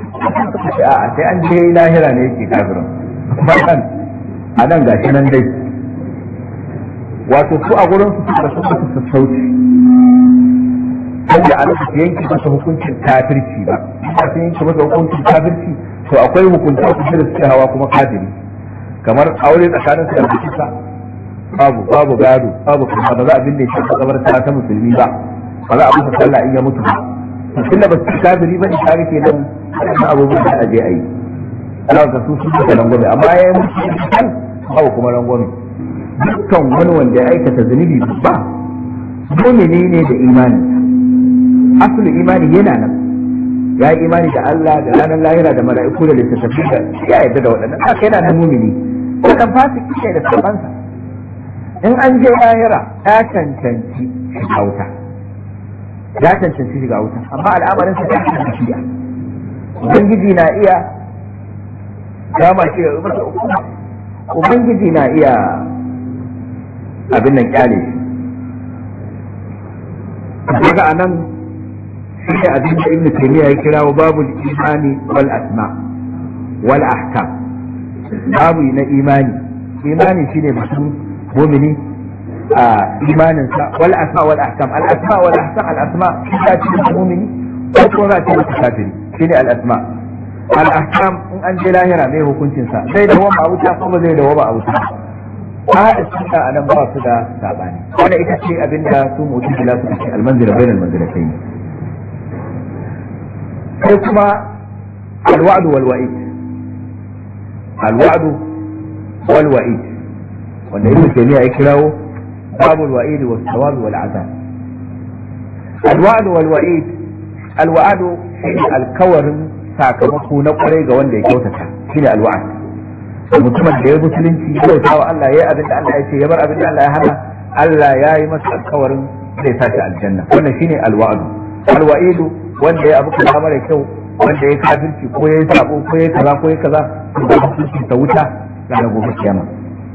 a'a sai an je lahira ne yake kafirin ba kan a nan ga shi nan dai wato su a gurin su da su su sassauci wanda a lokacin yanki masa hukuncin kafirci ba ba sun yanki masa hukuncin kafirci to akwai hukunta hukunta da suke hawa kuma kadiri kamar aure tsakanin su da kisa babu babu gado babu kuma ba za a binne shi a kabar ta musulmi ba ba za a musu sallah in ya mutu ba tunda ba su kadiri ba in kare kenan na abubuwan da aje ayi ana ga su su da rangwame amma yi mutu kan babu kuma rangwame dukkan wani wanda ya aikata zunubi ba mumini ne da imani asalin imani yana nan ya yi imani da Allah da ranar lahira da mala'iku da littattafai da ya yarda da waɗannan haka yana nan mumini ko fasik fasiki ne da sabansa in an je lahira ta cancanci shiga wuta ya cancanci shiga wuta amma al'amarin sa ya cancanci ubangiji na iya dama shi da masa ubangiji na iya abin nan kyale shi daga anan shi abin da ibn taymiya ya kira wa babu imani wal asma wal ahkam babu na imani imani shine mutum mu'mini a imanin sa wal asma wal ahkam al asma wal ahkam al asma ta ce mu'mini ko ko za ta ce kafiri shine al asma al ahkam in an je lahira mai hukuncin sa zai da wama wuta kuma zai da wama wuta aisha a nan ba su da sabani wannan ita ce abinda su mutum da su ce al manzila bainal manzilatayni أو الوعد والوعيد الوعد والوعيد والنبي الجميع يكره باب الوعيد والثواب والعذاب الوعد والوعيد الوعد حين الكور ساكمته نقري جوان دي جوتك حين الوعد المجتمع دي بسلين يقول يتعوى ألا يا أبن الله يتعوى يبر أبن الله يهنى الله يأي مسك الكور دي الجنة وانا حين الوعد الوعيد wanda ya abu kaza mara kyau wanda ya kafirci ko ya yi sabo ko ya yi kaza ko ya kaza to da hukunci ta wuta ga gobe kiyama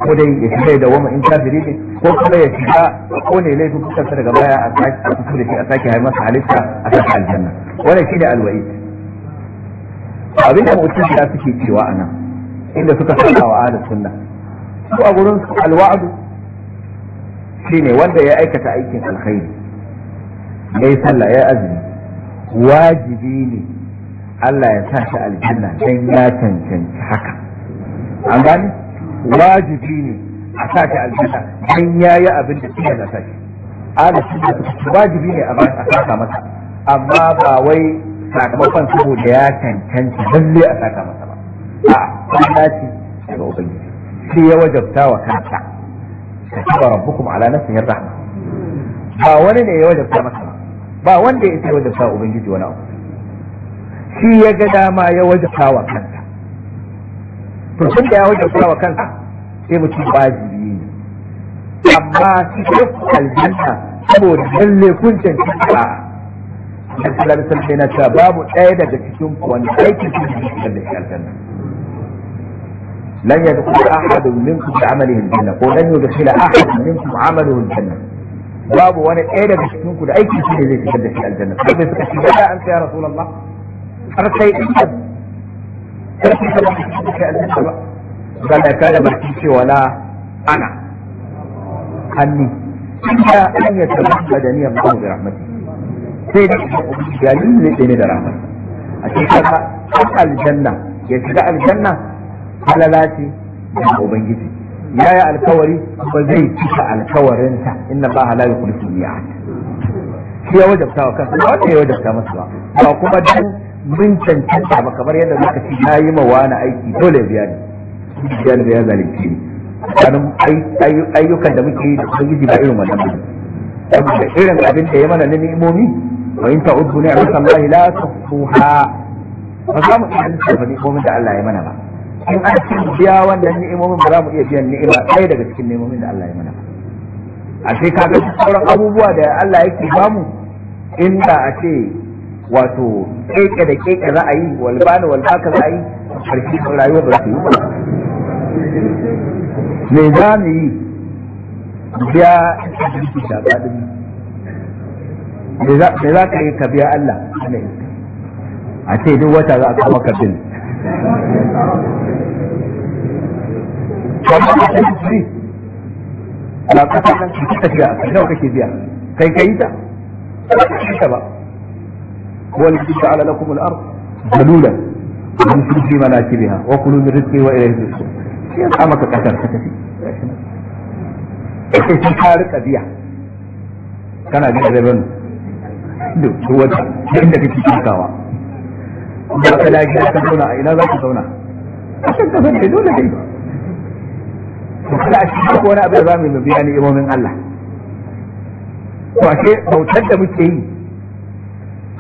ko dai ya shiga da wama in kafiri ne ko kuma ya shiga ko ne laifin kusansa daga baya a sake a fito da shi a sake haimasa halitta a sake aljanna wannan shine alwa'i abin da mutum ta suke cewa a nan, inda suka saka wa ahlus sunna su a gurin alwa'du shine wanda ya aikata aikin alkhairi ya yi sallah ya azumi wajibi ne Allah ya sa shi aljanna dan ya cancanci haka an gani wajibi ne a sa shi aljanna dan ya yi abin da suka zata shi ala sunna wajibi ne a saka masa amma ba wai sakamakon saboda ya cancanci lalle a saka masa ba a'a kuma ce daga ubangiji sai ya wajabta wa kansa ka saba rabbukum ala nafsihi rahma ba wani ne ya wajabta masa ba wanda ya sai wajabta ubangiji wani abu shi ya ga dama ya wajabta wa kansa to tun da ya wajabta wa kansa sai mu ci wajibi ne amma cikin aljanna saboda lalle kun cancanta da kalar sarki na cewa babu ɗaya daga cikin ku wani aikin su ne cikin da shi aljanna lan yadkhul ahadun minkum bi amalihi aljanna ko lan yadkhul ahadun minkum amalahu aljanna babu wani ɗaya daga cikin ku da aiki shi ne zai fitar da shi aljanna sai bai suka shiga da an sai rasulullah har sai ka sai ka ba shi aljanna ba ga da kada barki cewa la ana hannu inda an ya tabbata da niyyar mu da rahmat sai da ya yi ne da rahmat a cikin aljanna ya shiga aljanna halala da ubangiji ya yi alkawari ba zai cika alkawarinsa inna ba la yukhlifu al-mi'ad shi ya wajabta wa kansa ba wanda ya wajabta masa ba ba kuma dan mun cancanta ba kamar yadda zaka ci na yi mawa na aiki dole ya biya ni biya ni ya zalunci ni ayyukan da muke yi da ubangiji ba irin wannan ba saboda irin abin da ya mana na ni'imomi wa in ta'uddu ni'matallahi la tuhsuha ba za mu iya lissafa ni'imomin da Allah ya mana ba in an ci biya wannan ni'imomin ba za mu iya biyan ni'ima ɗaya daga cikin ni'imomin da Allah ya mana a sai ga sauran abubuwa da Allah yake bamu inda a ce wato keke da keke za a yi walbani walbaka za a yi karshe rayuwa ba su yi ba me za mu yi biya aiki da faɗin me za ka yi ka biya Allah a ce duk wata za a kawo ka bin ba ka san ki tafiya nawa kake biya kai kai ta ta ba والذي جعل لكم الارض ذلولا وامشوا في مناكبها وكلوا من رزقه واليه النشور sai ka maka kasar ka tafi sai sun ka rika biya kana jin rabin duk wata inda kake kinkawa ba ka da gida ka zauna a ina za ka zauna a kan kasar da dole dai to kada a cikin wani abu da za mu yi biya ni imomin Allah to ashe bautar da muke yi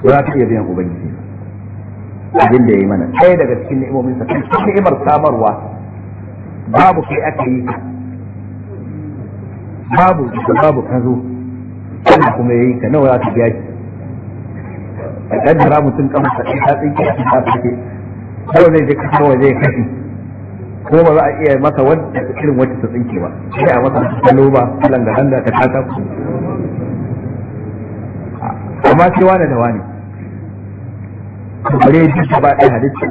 ba za ta iya biyan ubangiji abin da ya yi mana ɗaya daga cikin ni'imomin sa cikin ni'imar samarwa babu kai aka yi babu da babu ka zo kuma ya yi ka nawa za ta biya ki a kaddara mutum kama ta ta tsinke a cikin take kawai zai je kasar waje ya kashi ko ba za a iya masa wanda irin wacce ta tsinke ba sai a masa kallo ba langa langa ta kaka amma sai wani da wani bare duk gaba ɗaya halitta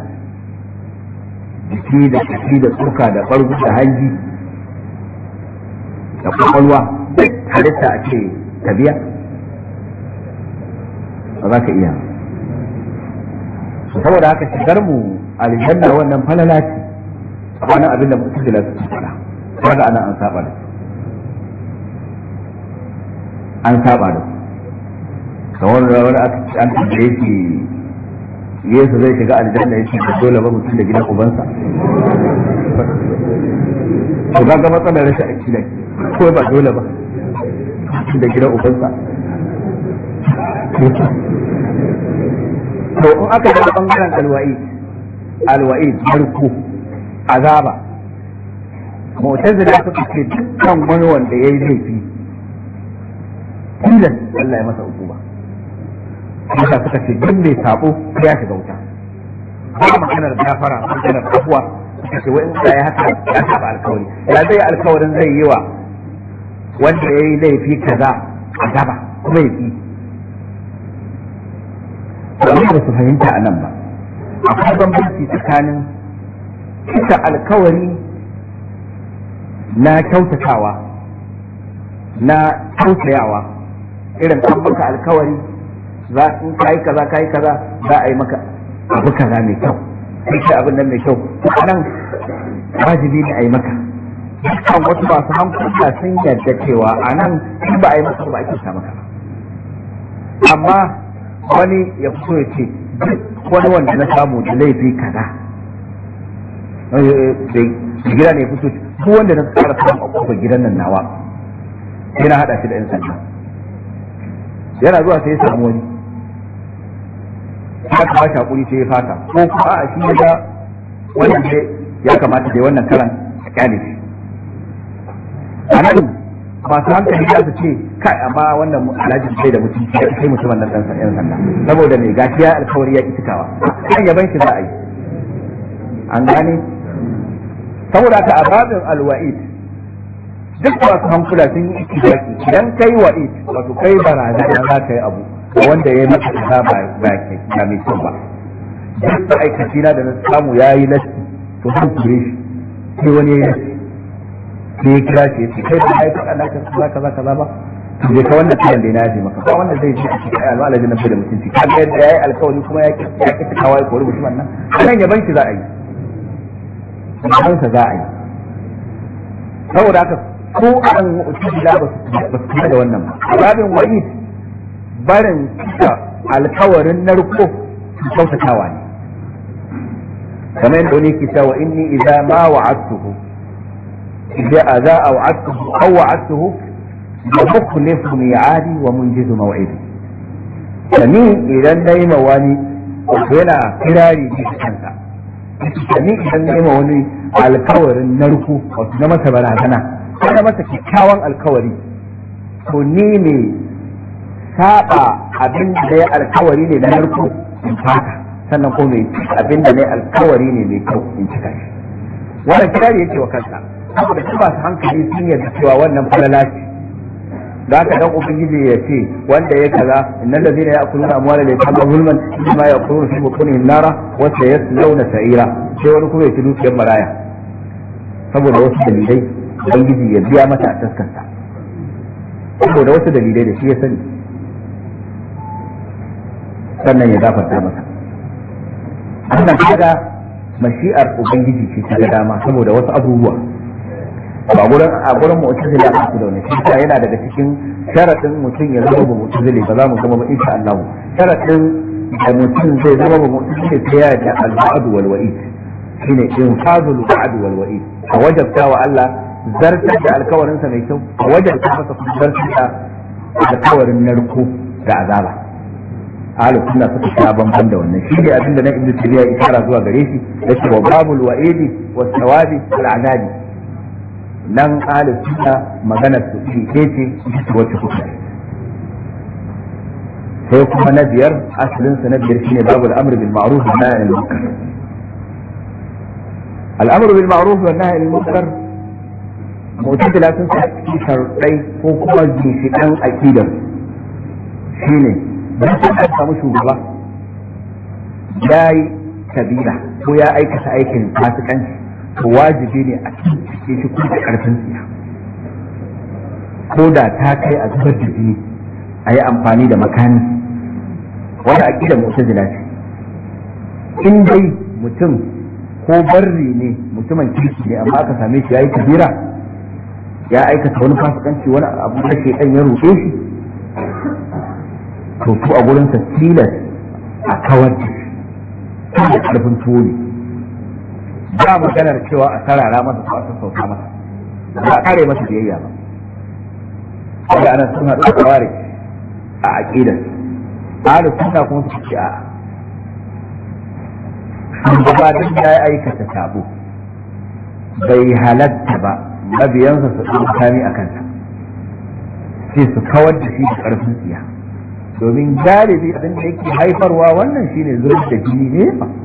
jiki da jiki da tsoka da ɓargu da hanji da kwakwalwa halitta a ce tabiya ba za ka iya saboda haka shigar mu aljanna wannan falala ce tsakanin abin da mu'tazila su fada ga ana an saba da an saba da kamar da wani aka ci an tambaye shi Yesu zai shiga aljanna yake da dole ba mutum da gidan ubansa ga gaba matsalar rashin aiki ne ko ba dole ba da gidan ubansa to in aka ga bangaren alwa'i alwa'i barku azaba mu'tazila suka ce dukkan wani wanda yayi laifi kullum Allah ya masa hukuma Musa suka ce duk mai sabo ya shiga wuta ba maganar gafara maganar abuwa suka ce wai in ya haka ya saba alkawari ya zai alkawarin zai yi wa wanda ya yi laifi kaza a kuma ya domin ba su fahimta a nan ba akwai bambanci tsakanin kisa alkawari na kyautatawa na kyautayawa irin an maka alkawari za in ka yi kaza ka yi kaza za a yi maka abu kaza mai kyau sai shi abin nan mai kyau nan wajibi ne a yi maka dukkan wasu masu hankula sun yarda cewa a nan in ba a yi maka ba ake sa maka ba. amma wani ya fito ya ce duk wani wanda na samu da laifi kaza eh, eh, da gida ne fito ko wanda na tsara samu a kofar gidan nan nawa yana hada shi da yan sanda yana zuwa sai ya samu wani ya kamata kuri sai ya fata ko kuma a shi ya ga wani ya kamata da wannan karan a kyale a nan masu hankali ya su ce kai amma wannan alhaji bai da mutunci ya kai mutumin nan dan yan nan saboda mai gaskiya alkawari ya ki cikawa kan yaban shi za a yi an gane saboda ka ababin alwa'id duk masu hankula sun yi ittifaki idan kai wa'id wato kai da za ka yi abu wanda ya yi maka kaza ba ba mai kyau ba duk aikaci na da na samu ya yi lasti to zan kure shi sai wani ya yi sai ya kira shi yace kai ba ai faɗa ka, kaza kaza kaza ba to je ka wannan tiyan da na ji maka ba wannan zai ji a cikin alwalaji na da mutunci ka ga yadda yayi alkawari kuma ya ki ya ki kawo ya kori mutumin nan nan ya banki za a yi ban sa za a yi saboda haka ko an mu'tazila ba su ba da wannan ba babin wa'id barin kika alkawarin narko kyautatawa ne kamar yadda wani ke cewa inni idza ma wa'adtuhu بأذى za عدته أو وعدته مخلف ميعادي ومنجز موعدي sani idan na yi wani yana kirari ne sani idan na yi wani alkawarin narko wato na masa barazana ko masa kyakkyawan alkawari Kuni ni ne saba abin da ya alkawari ne na narko in fata sannan ko mai abin da ne mai kyau in cika kirari yake wa kansa saboda shi ba su hankali sun yarda cewa wannan falala ce da aka dan ubangiji ya ce wanda ya kaza innal ladina ya'kuluna amwala la yatama zulman ma ya'kuluna fi butunihim nara wa sayasluna sa'ira sai wani kuma ya ci dukiyar maraya saboda wasu dalilai ubangiji ya biya mata a taskarsa saboda wasu dalilai da shi ya sani sannan ya gafarta masa wannan kaga mashi'ar ubangiji ce ta dama saboda wasu abubuwa ba gurin a gurin mu'tazili ba su da wani shi ta yana daga cikin sharadin mutum ya zama ba mu'tazili ba za mu zama ba insha Allah sharadin da mutum zai zama ba mu'tazili sai ya da al-ba'd wal wa'id shine infazul ba'd wal wa'id a wajabta wa Allah zartar da alkawarinsa mai kyau a wajabta masa zartar da alkawarin narko da azaba ahlu sunna suka sha bamban da wannan shi ne abinda na ibnu tabiya isara zuwa gare shi da shi babul wa'idi was thawabi wal azabi nan ahlus sunna magana su shi ce wacce kuka sai kuma na biyar asalin sa na biyar shine babu al'amr bil ma'ruf wa nahy anil munkar al'amr bil ma'ruf wa nahy anil munkar mu'tazila sun sa cikin sharuɗai ko kuma ginshiƙan aqidar shine duk sun samu shugaba yayi kabila ko ya aikata aikin fasikanci to wajibi ne a cikin sai shi kuma karfin tsiya ko da ta kai a zubar da jini a yi amfani da makami wanda aƙidar mu'tazila ce in dai mutum ko barri ne mutumin kirki ne amma aka same shi ya yayi kabira ya aikata wani fasikanci wani abu da ke ɗan ya roƙe shi to su a gurin sa tilas a kawar da karfin tuwo ba maganar cewa a sarara masa ko a sauka masa ba a kare masa biyayya ba kaga ana sun haɗu da ware a aqidar ahlu suna kuma su ci a ba duk ya aikata tabo bai halatta ba mabiyansa su ɗan kami a kanta sai su kawar da shi da karfin tsiya domin galibi abin da yake haifarwa wannan shine zurin da jini ne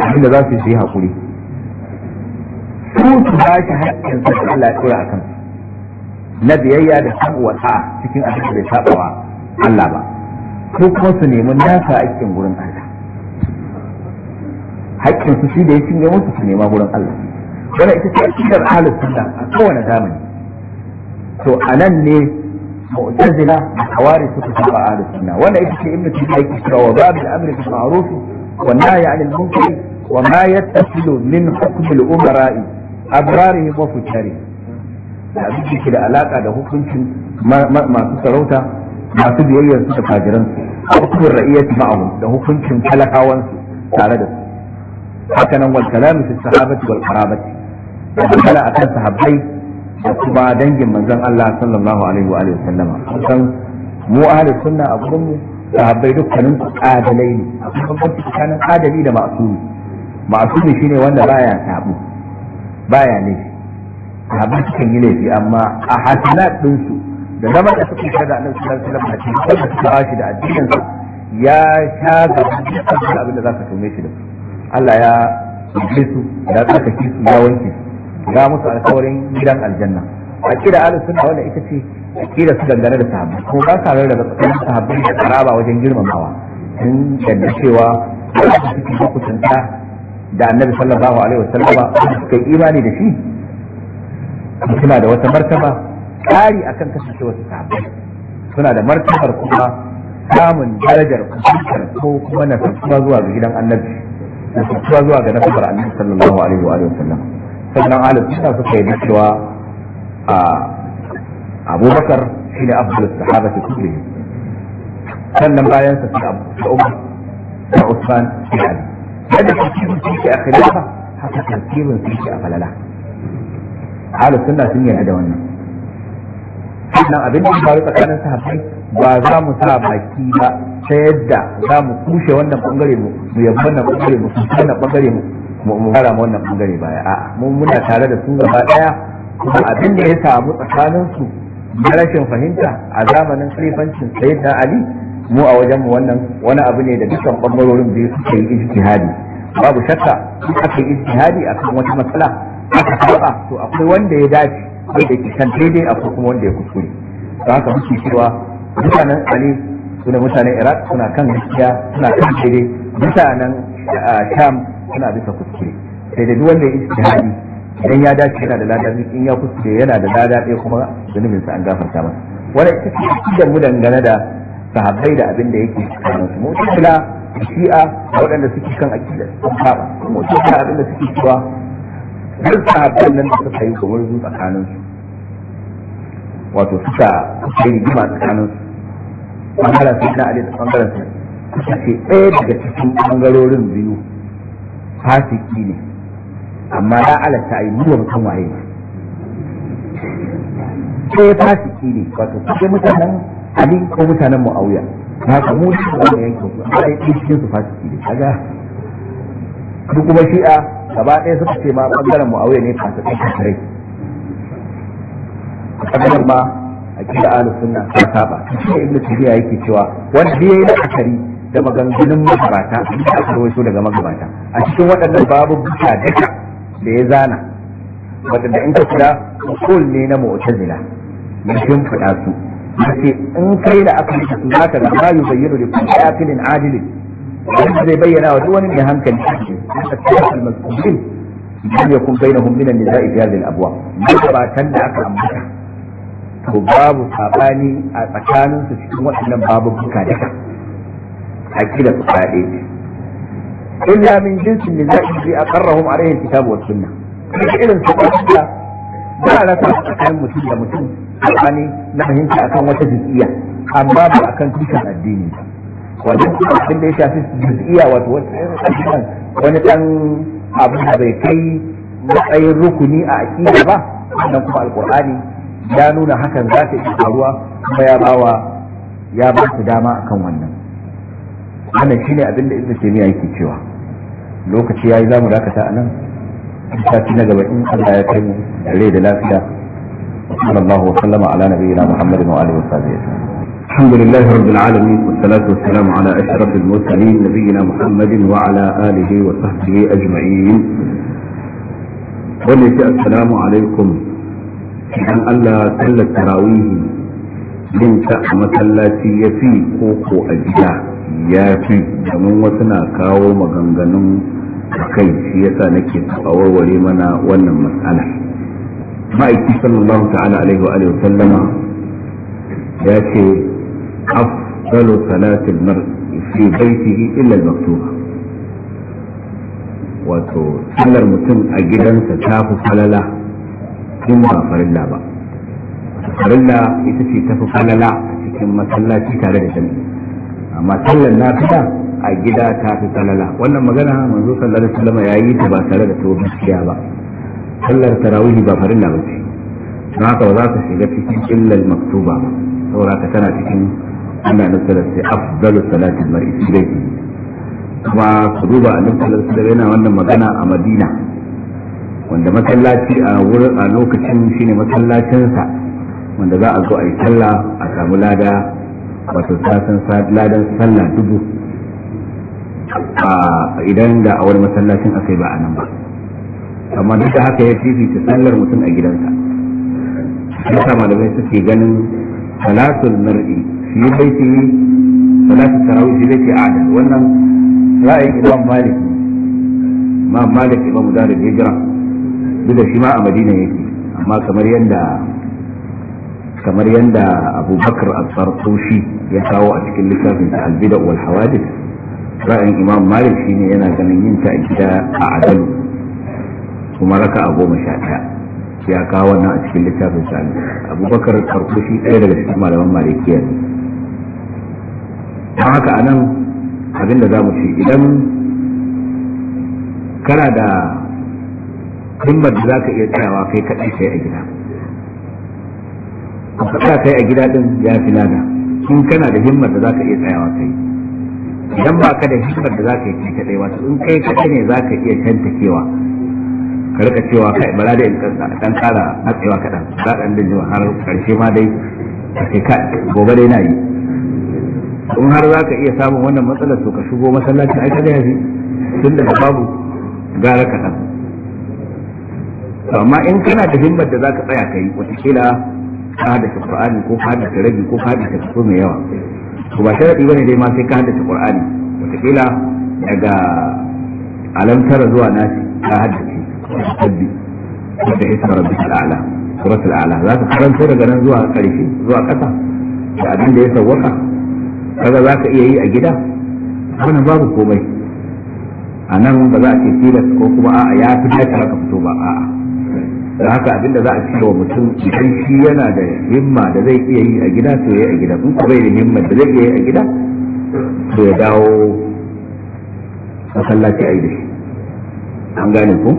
abinda za su yi hakuri su su ba shi haƙƙin sa da Allah ya tsora akan na biyayya da san ta cikin abin da bai wa Allah ba ko kuma su nemi nasa aikin gurin Allah haƙƙin su shi da ya ne musu su nema gurin Allah wannan ita ce akidar halin sunna a kowane zamani to anan ne mu'tazila da hawari suka saba ahlus sunna wannan ita ce ibnu tayyib yake cewa babu al-amri bil ma'ruf والنهي عن المنكر وما يتصل من حكم الأمراء أبرارهم وفجارهم da abin ke da alaka da hukuncin masu sarauta masu biyayyarsu da fajiran su hukumin ra'iyyat da hukuncin talakawan su tare da su haka nan wal kalamu fi sahabati wal qarabati da kala akan sahabbai da kuma dangin manzon Allah sallallahu alaihi wa alihi wasallama san mu ahli sunna a gurin mu sahabbai dukkanin su adalai ne a kuma bambanci tsakanin adali da ma'asumi ma'asumi shine wanda baya sabu baya ne sahabbai sukan yi laifi amma a hasanat din su da zama da suke shiga da annabi sallallahu alaihi wasallam a cikin suka bashi da addinin su ya sha gaban dukkan abin da ka tume shi da su Allah ya yi su ya tsarkake su ya wanke su ga musu alkawarin gidan aljanna a kira alisun da wanda ita ce kila su dangane da sahabbai ko ba sa da tsakanin sahabbai da karaba wajen girmamawa sun yadda cewa su suke makusanta da annabi sallallahu alaihi wasallam su kai imani da shi suna da wata martaba ƙari akan kasance wasu sahabbai suna da martabar kuma samun darajar kusantar ko kuma na tattuwa zuwa ga gidan annabi na tattuwa zuwa ga nasabar annabi sallallahu alaihi wa sallam sannan ahalin suna suka yi cewa a abubakar shi ne abdul sahaba ta kulle sannan bayan sa da umar da usman da ali yadda tafsirin su yake a khilafa haka tafsirin su yake a falala ahlu suna sun yi da wannan sannan abin da ya faru tsakanin sahabbai ba za mu sa baki ba ta yadda za mu kushe wannan bangare mu mu yabi wannan bangare mu kushe wannan bangare mu mu fara wannan bangare baya a'a mun muna tare da su gaba daya kuma abin da ya samu tsakaninsu. na rashin fahimta a zamanin khalifancin na ali mu a wajenmu wannan wani abu ne da dukkan bangarorin biyu suka yi ijtihadi babu shakka duk aka yi ijtihadi akan wata matsala aka saba to akwai wanda ya dace wanda ke kan daidai akwai kuma wanda ya kuskure don haka muke cewa mutanen ali suna mutanen iraq suna kan gaskiya suna kan daidai mutanen ah, sham suna bisa kuskure sai da duk wanda ya ijtihadi idan ya dace yana da lada in ya kuskure yana da lada ɗaya kuma zunubin sa an gafarta masa wannan ita ce da mu dangane da sahabbai da abin da yake cikin su mu'tazila shi'a da waɗanda suke kan aqida sun saba mu'tazila abin da suke cewa duk sahabban nan da suka yi gumurzu tsakanin su wato suka yi rigima tsakanin su bangaren su na ali da bangaren su suka ce ɗaya daga cikin bangarorin biyu fasiki ne amma ya halatta a yi duba mutum waye sai ya fasiki ne wato suke mutanen ali ko mutanen mu'awiya na ka mu shi wanda yankin su a yi cikin su fasiki ne kaga duk kuma shi'a gaba ɗaya suka ce ma ɓangaren mu'awiya ne fasikai kafirai a ɓangaren ma a kira ahlus na ta saba sai ibnu tabiya yake cewa wanda ya yi la'akari da maganganun magabata da aka rawaito daga magabata a cikin waɗannan babu buka duka da ya zana wadanda in ka kira usul ne na mu'tazila ya fada su sai in kai da aka yi su zaka ga ma yubayyinu li kulli aqilin adilin wanda zai bayyana wa duk wani mai hankali shi al-mas'ulin ya kun bayyana min an-niza'i fi hadhihi al-abwa tan da aka ambata to babu sabani a tsakaninsu cikin waɗannan babu da ka akida su faɗe jinsi min za min zaki a aqarrahum alaihi alkitab wa sunna irin su da ba la ta tsakanin mutum da mutum alani na fahimta akan wata jiz'iyya amma ba akan tushen addini ba wannan kuma abin wani ɗan abu da bai kai matsayin rukuni a aqida ba wannan kuma alqur'ani ya nuna hakan za ta iya faruwa kuma ya ya ba su dama akan wannan wannan shine abin da ibnu taymiya yake cewa lokaci yayi zamu dakata anan sati na gaba in Allah ya kai mu rai da lafiya sallallahu wa sallama ala nabiyyina muhammadin wa alihi wa sahbihi الحمد لله رب العالمين والصلاة والسلام على أشرف المرسلين نبينا محمد وعلى آله وصحبه أجمعين wanda ce assalamu alaikum dan Allah sallar tarawih yin ta a masallaci ya fi ko ko a gida ya fi domin wasu na kawo maganganun a kai shi yasa nake a warware mana wannan matsala ma'aiki sallallahu ta'ala alaihi wa sallama ya ce afdalu salatil mar fi baitihi illa al-maktuba wato sallar mutum a gidansa ta fi falala in ba farilla ba farilla ita ce ta fi falala a cikin masallaci tare da jami'a. amma sallar fita a gida ta fi salala wannan magana manzo sallallahu alaihi wasallam ya yi ta ba tare da tsohon gaskiya ba sallar tarawih ba farin ba ce don haka ba za ka shiga cikin illal maktuba ba saboda ka tana cikin ana nasarar sai afdalu salatin mar'i fi baiti kuma ku duba annabi sallallahu alaihi yana wannan magana a Madina wanda masallaci a wurin a lokacin shine masallacinsa wanda za a zo a yi sallah a samu lada wato sasan ladan sallah dubu idan da a wani masallacin yi ba a nan ba amma duk da haka ya ta sallar mutum a gidansa yasa malamai suke ganin salatul mar'i yi baiti salatul tarawih fi baiti adal wannan ra'ayin imam malik imam malik imam darul hijra duk da shi ma a madina yake amma kamar yadda kamar yadda abubakar a tsartoshi ya kawo a cikin littafin ta albida wal hawadis ra'ayin imam malik shine yana ganin yin ta a gida a adalu kuma raka a goma sha ɗaya ya kawo wannan a cikin littafin sa abubakar tsartoshi ɗaya daga cikin malaman malikiya ne don haka anan abinda za mu ce idan kana da himmar da za ka iya tsayawa kai kaɗai sai a gida ka sa kai a gida din ya fi nada, in kana da himmar da zaka iya tsayawa kai idan ba ka da himmar da zaka yi kadai wato in kai kadai ne zaka iya cewa ka rika cewa kai bala da in dan kara hatsewa kadan za dan din har karshe ma dai ka gobe dai na yi in har za ka iya samun wannan matsalar to ka shigo masallacin ai kada yafi tun da babu gara kaɗan. amma in kana da himmar da zaka tsaya kai wata kila ka haddace qur'ani ko ka haddace rabi ko ka haddace kaso mai yawa to ba sharadi bane dai ma sai ka haddace qur'ani wataƙila daga alamtara zuwa nasi ka haddace tabbi da isma rabbika al'ala suratul a'la za ka karanto daga nan zuwa ƙarshe zuwa ƙasa da abin da ya sawwaka kaga za ka iya yi a gida wannan babu komai a nan ba za a ce tilas ko kuma a'a ya fi dace haka fito ba a'a da haka abinda za a cika wa mutum idan shi yana da himma da zai iya yi a gida to yayi a gida in ko bai da himma da zai iya yi a gida to ya dawo masallaci a yi da shi an gane ku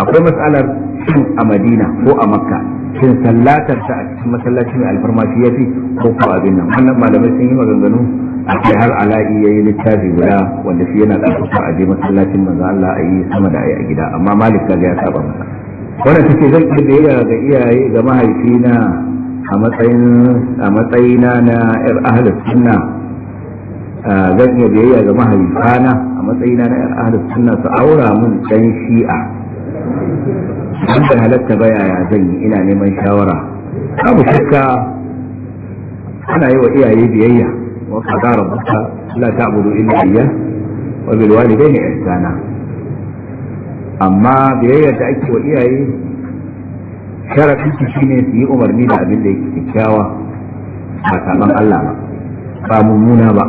akwai matsalar cin a madina ko a makka cin sallatar ta a cikin masallaci mai alfarma shi ya fi ko ko abin nan wannan malamai sun yi maganganu a kai har ala'i ya yi littafi guda wanda shi yana ɗaukar a je masallacin manzo Allah a yi sama da a yi a gida amma malik ya saba masa wannan take zan iya da ga iyaye ga mahaifina a matsayin a matsayina na yar ahlus sunna a zan iya da biyayya ga mahaifana a matsayina na yar ahlus sunna su aura mun dan shi'a an da halatta ba yaya zan yi ina neman shawara abu shakka ana yi wa iyaye biyayya wa qadara rabbuka la ta'budu illa iyyah wa bil walidayni ihsana amma biyayyar da ake wa iyaye sharafin ki shine su yi umarni da abin da yake kyakkyawa ba saban Allah ba ba mummuna ba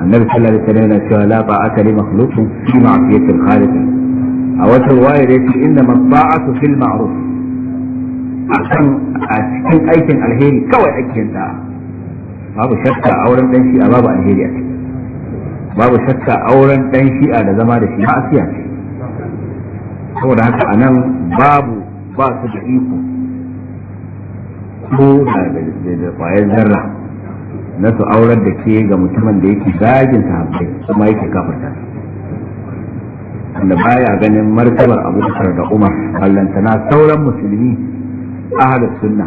annabi sallallahu alaihi wasallam yana cewa la ba'ata li makhluqin fi ma'siyatil khaliq a wata riwaya da yake inda maba'atu fil ma'ruf akan a cikin aikin alheri kawai aikin da babu shakka a wurin dan shi'a babu alheri a ciki babu shakka a wurin dan shi'a da zama da shi ma'asiya ce saboda haka a nan babu ba su da iko ko da kwayar zarra na su aurar da ke ga mutumin da yake zagin sahabbai kuma yake kafarta wanda baya ganin martabar abubakar da umar ballantana sauran musulmi ahalus sunna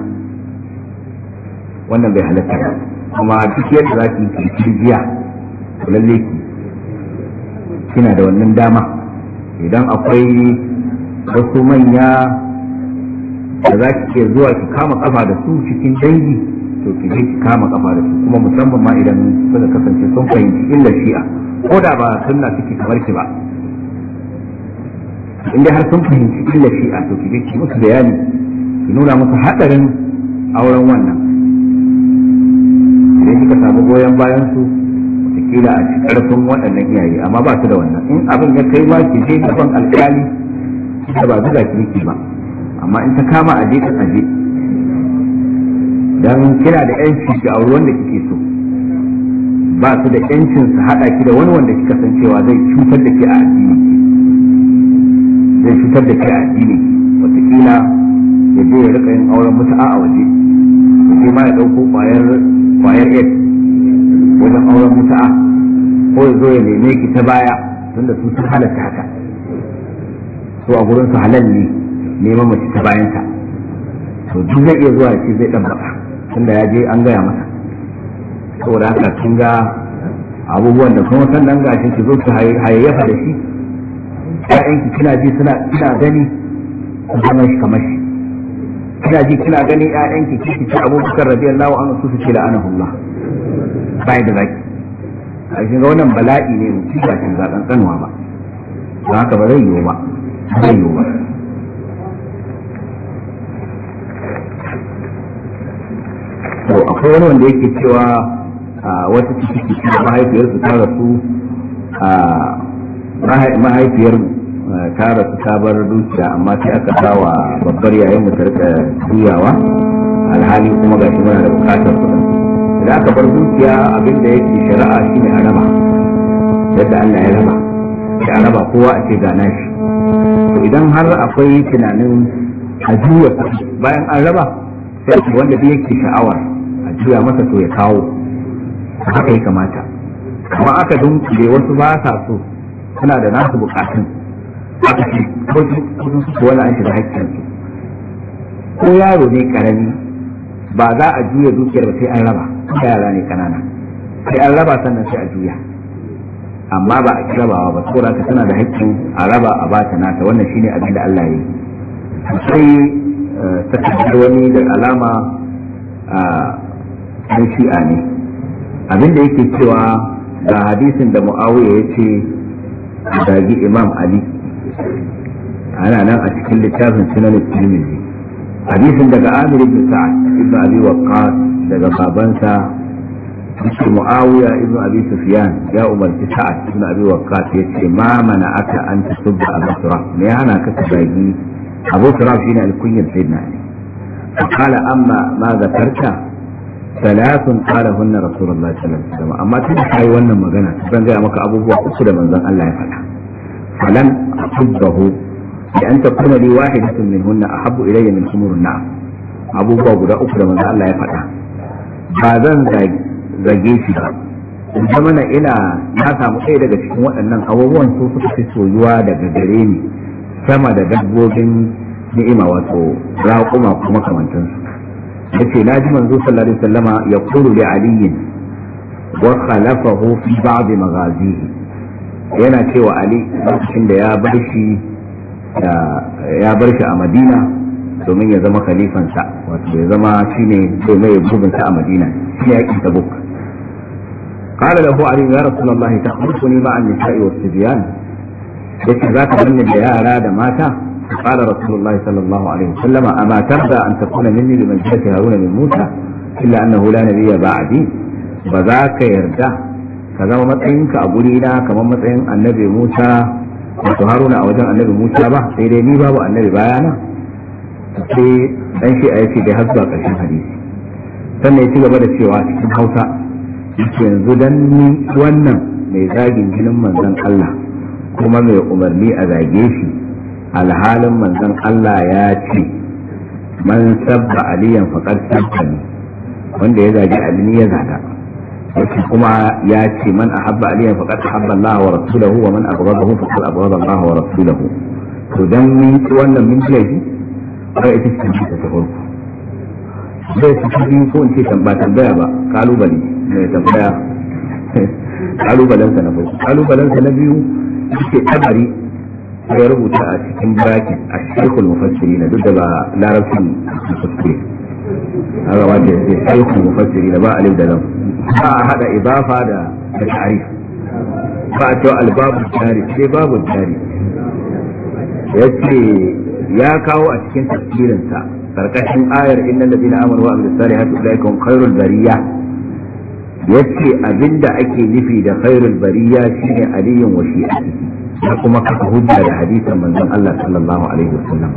wannan bai halatta ba kuma duk yadda za ki yi kirgiya lalle ki kina da wannan dama idan akwai wasu manya da za ki ke zuwa ki kama kafa da su cikin dangi to ki je ki kama kafa da su kuma musamman ma idan suka kasance sun fahimci illa shi'a ko da ba sunna suke kamar ki ba in har sun fahimci illa shi'a to ki je ki musu bayani ki nuna musu hadarin auren wannan idan kika samu goyon bayan su da a karfin waɗannan iyaye amma ba su da wannan in abin ya kai ma ki je gaban alƙali ita ba zuga ki ba amma in ta kama a je ka aje dan kina da yanci ki auri wanda kike so ba su da yancin su hada ki da wani wanda kika san cewa zai cutar da ke a addini zai cutar da ke a addini wataƙila ya je ya rika yin auren mutu'a a waje sai ma ya dauko kwayar kwayar wajen auren mutu'a ko ya zo ya neme ki ta baya tunda su sun halatta haka su a gurin su halal ne neman mace ta bayan ta to duk zai iya zuwa shi zai dan baka tunda ya je an gaya masa saboda haka kin ga abubuwan da kuma dan gashin ki zo ki hayayyafa da shi ki kina ji suna kina gani ku zama shi kamar shi kina ji kina gani ki kiki ci abubakar radiyallahu anhu su suke la'anahullah bai da zaki a ga wannan bala'i ne mu ci ba kin zaɗan tsanuwa ba don haka ba zai yiwu ba bai to akwai wani wanda yake cewa wata ciki da mahaifiyarsu ta rasu mahaifiyar ta rasu ta bar dukiya amma sai aka sawa babbar yayin mu tarka juyawa alhali kuma gashi muna da bukatar kudin da aka bar dukiya abinda yake shari'a shine a rama yadda Allah ya raba da raba kowa a ce gana shi to idan har akwai tunanin a bayan an raba sai a wanda da yake sha'awar a juya masa to ya kawo haka ya kamata Kuma aka dunkule wasu ba sa so suna da nasu bukatun aka ce kudin su wani an shiga su. ko yaro ne karami ba za a juya dukiyar ba sai an raba yara ne kanana sai an raba sannan sai a juya amma ba a rabawa ba saboda ka tana da hakkin a raba a bata nata wannan shine abin da Allah ya yi sai eh, ta wani da alama a shi'a ne abin da yake cewa ga hadisin da mu'awiya ya ce zagi imam ali ana nan a cikin littafin sunan tirmidhi hadisin daga amir ibn sa'ad ibn abi waqqas daga babansa yace muawiya ibnu abi sufyan ya umarci sa'ad ibn abi waqqas yace ma mana aka an tasubba abu turab me hana ka zagi abu turab shine alkunyar sayyidina ali qala amma ma zakarta salatun qala hunna rasulullahi sallallahu alaihi wasallam amma tun kai wannan magana zan ga maka abubuwa uku da manzon Allah ya faɗa falan asubbahu da an takuna li wahidatun minhunna ahabbu ilayya min humurun na'am abubuwa guda uku da manzon Allah ya faɗa ba zan zagi zage shi ba in mana ina na samu ɗaya daga cikin waɗannan abubuwan su suka fi soyuwa daga gare ni sama da dabbobin ni'ima wato raƙuma kuma kamantansu ce na ji manzo sallallahu alaihi wasallama ya kuru da aliyin wa khalafahu fi ba'd maghazihi yana cewa ali lokacin da ya bar shi ya bar shi a madina domin ya zama khalifansa wato ya zama shine domin ya gugunta a madina shi ya ta tabuk قال له علي يا رسول الله تخلفني مع النساء والصبيان يكي ذاك من يا أراد ماتا قال رسول الله صلى الله عليه وسلم أما ترضى أن تكون مني بمنزلة هارون من موسى إلا أنه لا نبي بعدي وذاك يرجع كذا ومتعينك أبو لينا كما متعين النبي موسى wato haruna a wajen annabi musa ba sai dai ni babu annabi bayana sai dan shi a yake dai har zuwa ƙarshen hadisi sannan ya ci gaba da cewa cikin hausa yanzu dan wannan mai zagin jinin manzan Allah kuma mai umarni a zage shi alhalin manzon Allah ya ce man sabba aliyan faqad sabbani wanda ya zage alini ya zaga yake kuma ya ce man ahabba aliyan faqad ahabba Allah wa rasulahu wa man abghadahu faqad abghada Allah wa rasulahu to dan min wannan min laifi ba ita ce ta farko zai ci biyu ko in ce tambaya ba kalubale mai tambaya kalubalensa na farko kalubalensa na biyu suke tabari ya rubuta a cikin bracket a shekul mufassiri na duk da ba larabcin da ya shekul na ba alif da nan. ba a hada ibafa da da ba a cewa albabu jari sai babu jari ya ce ya kawo a cikin tafsirinsa karkashin ayar innal ladina amanu wa amilus salihati ulaikum khairul bariyah yace abinda ake nufi da khairul bariya shine aliyun wa shi'ati ya kuma kaka hujja da hadisin manzon Allah sallallahu alaihi wasallam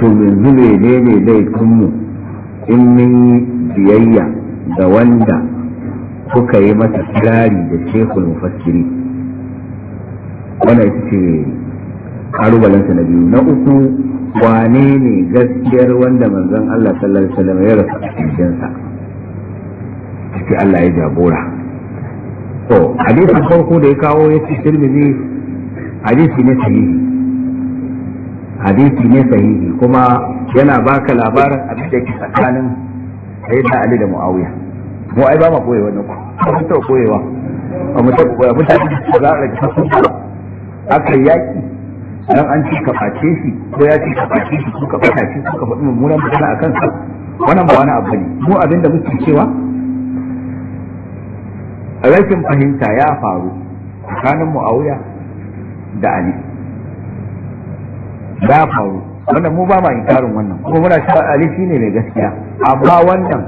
to yanzu ne ne laifin mu in mun biyayya da wanda kuka yi masa kirari da shekul mufassiri wannan ce karubalansa na biyu na uku wane ne gaskiyar wanda manzon Allah sallallahu alaihi wasallam ya rasa cikin sai Allah ya jagora to hadisin farko da ya kawo ya ce tirmidhi hadisi ne sahihi hadisi ne sahihi kuma yana baka labarin abin da yake tsakanin sayyidina Ali da Muawiya mu ai ba ma koyewa wannan ko mu ta koyewa ba mu ta koyewa mu ta za a rage aka yaki dan an ci face shi ko ya ci face shi ko face shi ko ka faɗi mummunan magana akan sa wannan ba wani abu ne mu abinda muke cewa rashin fahimta ya faru tsakanin mu'awiya da ali ya faru wannan mu ba ma inkarin wannan kuma muna cewa ali shine mai gaskiya amma wannan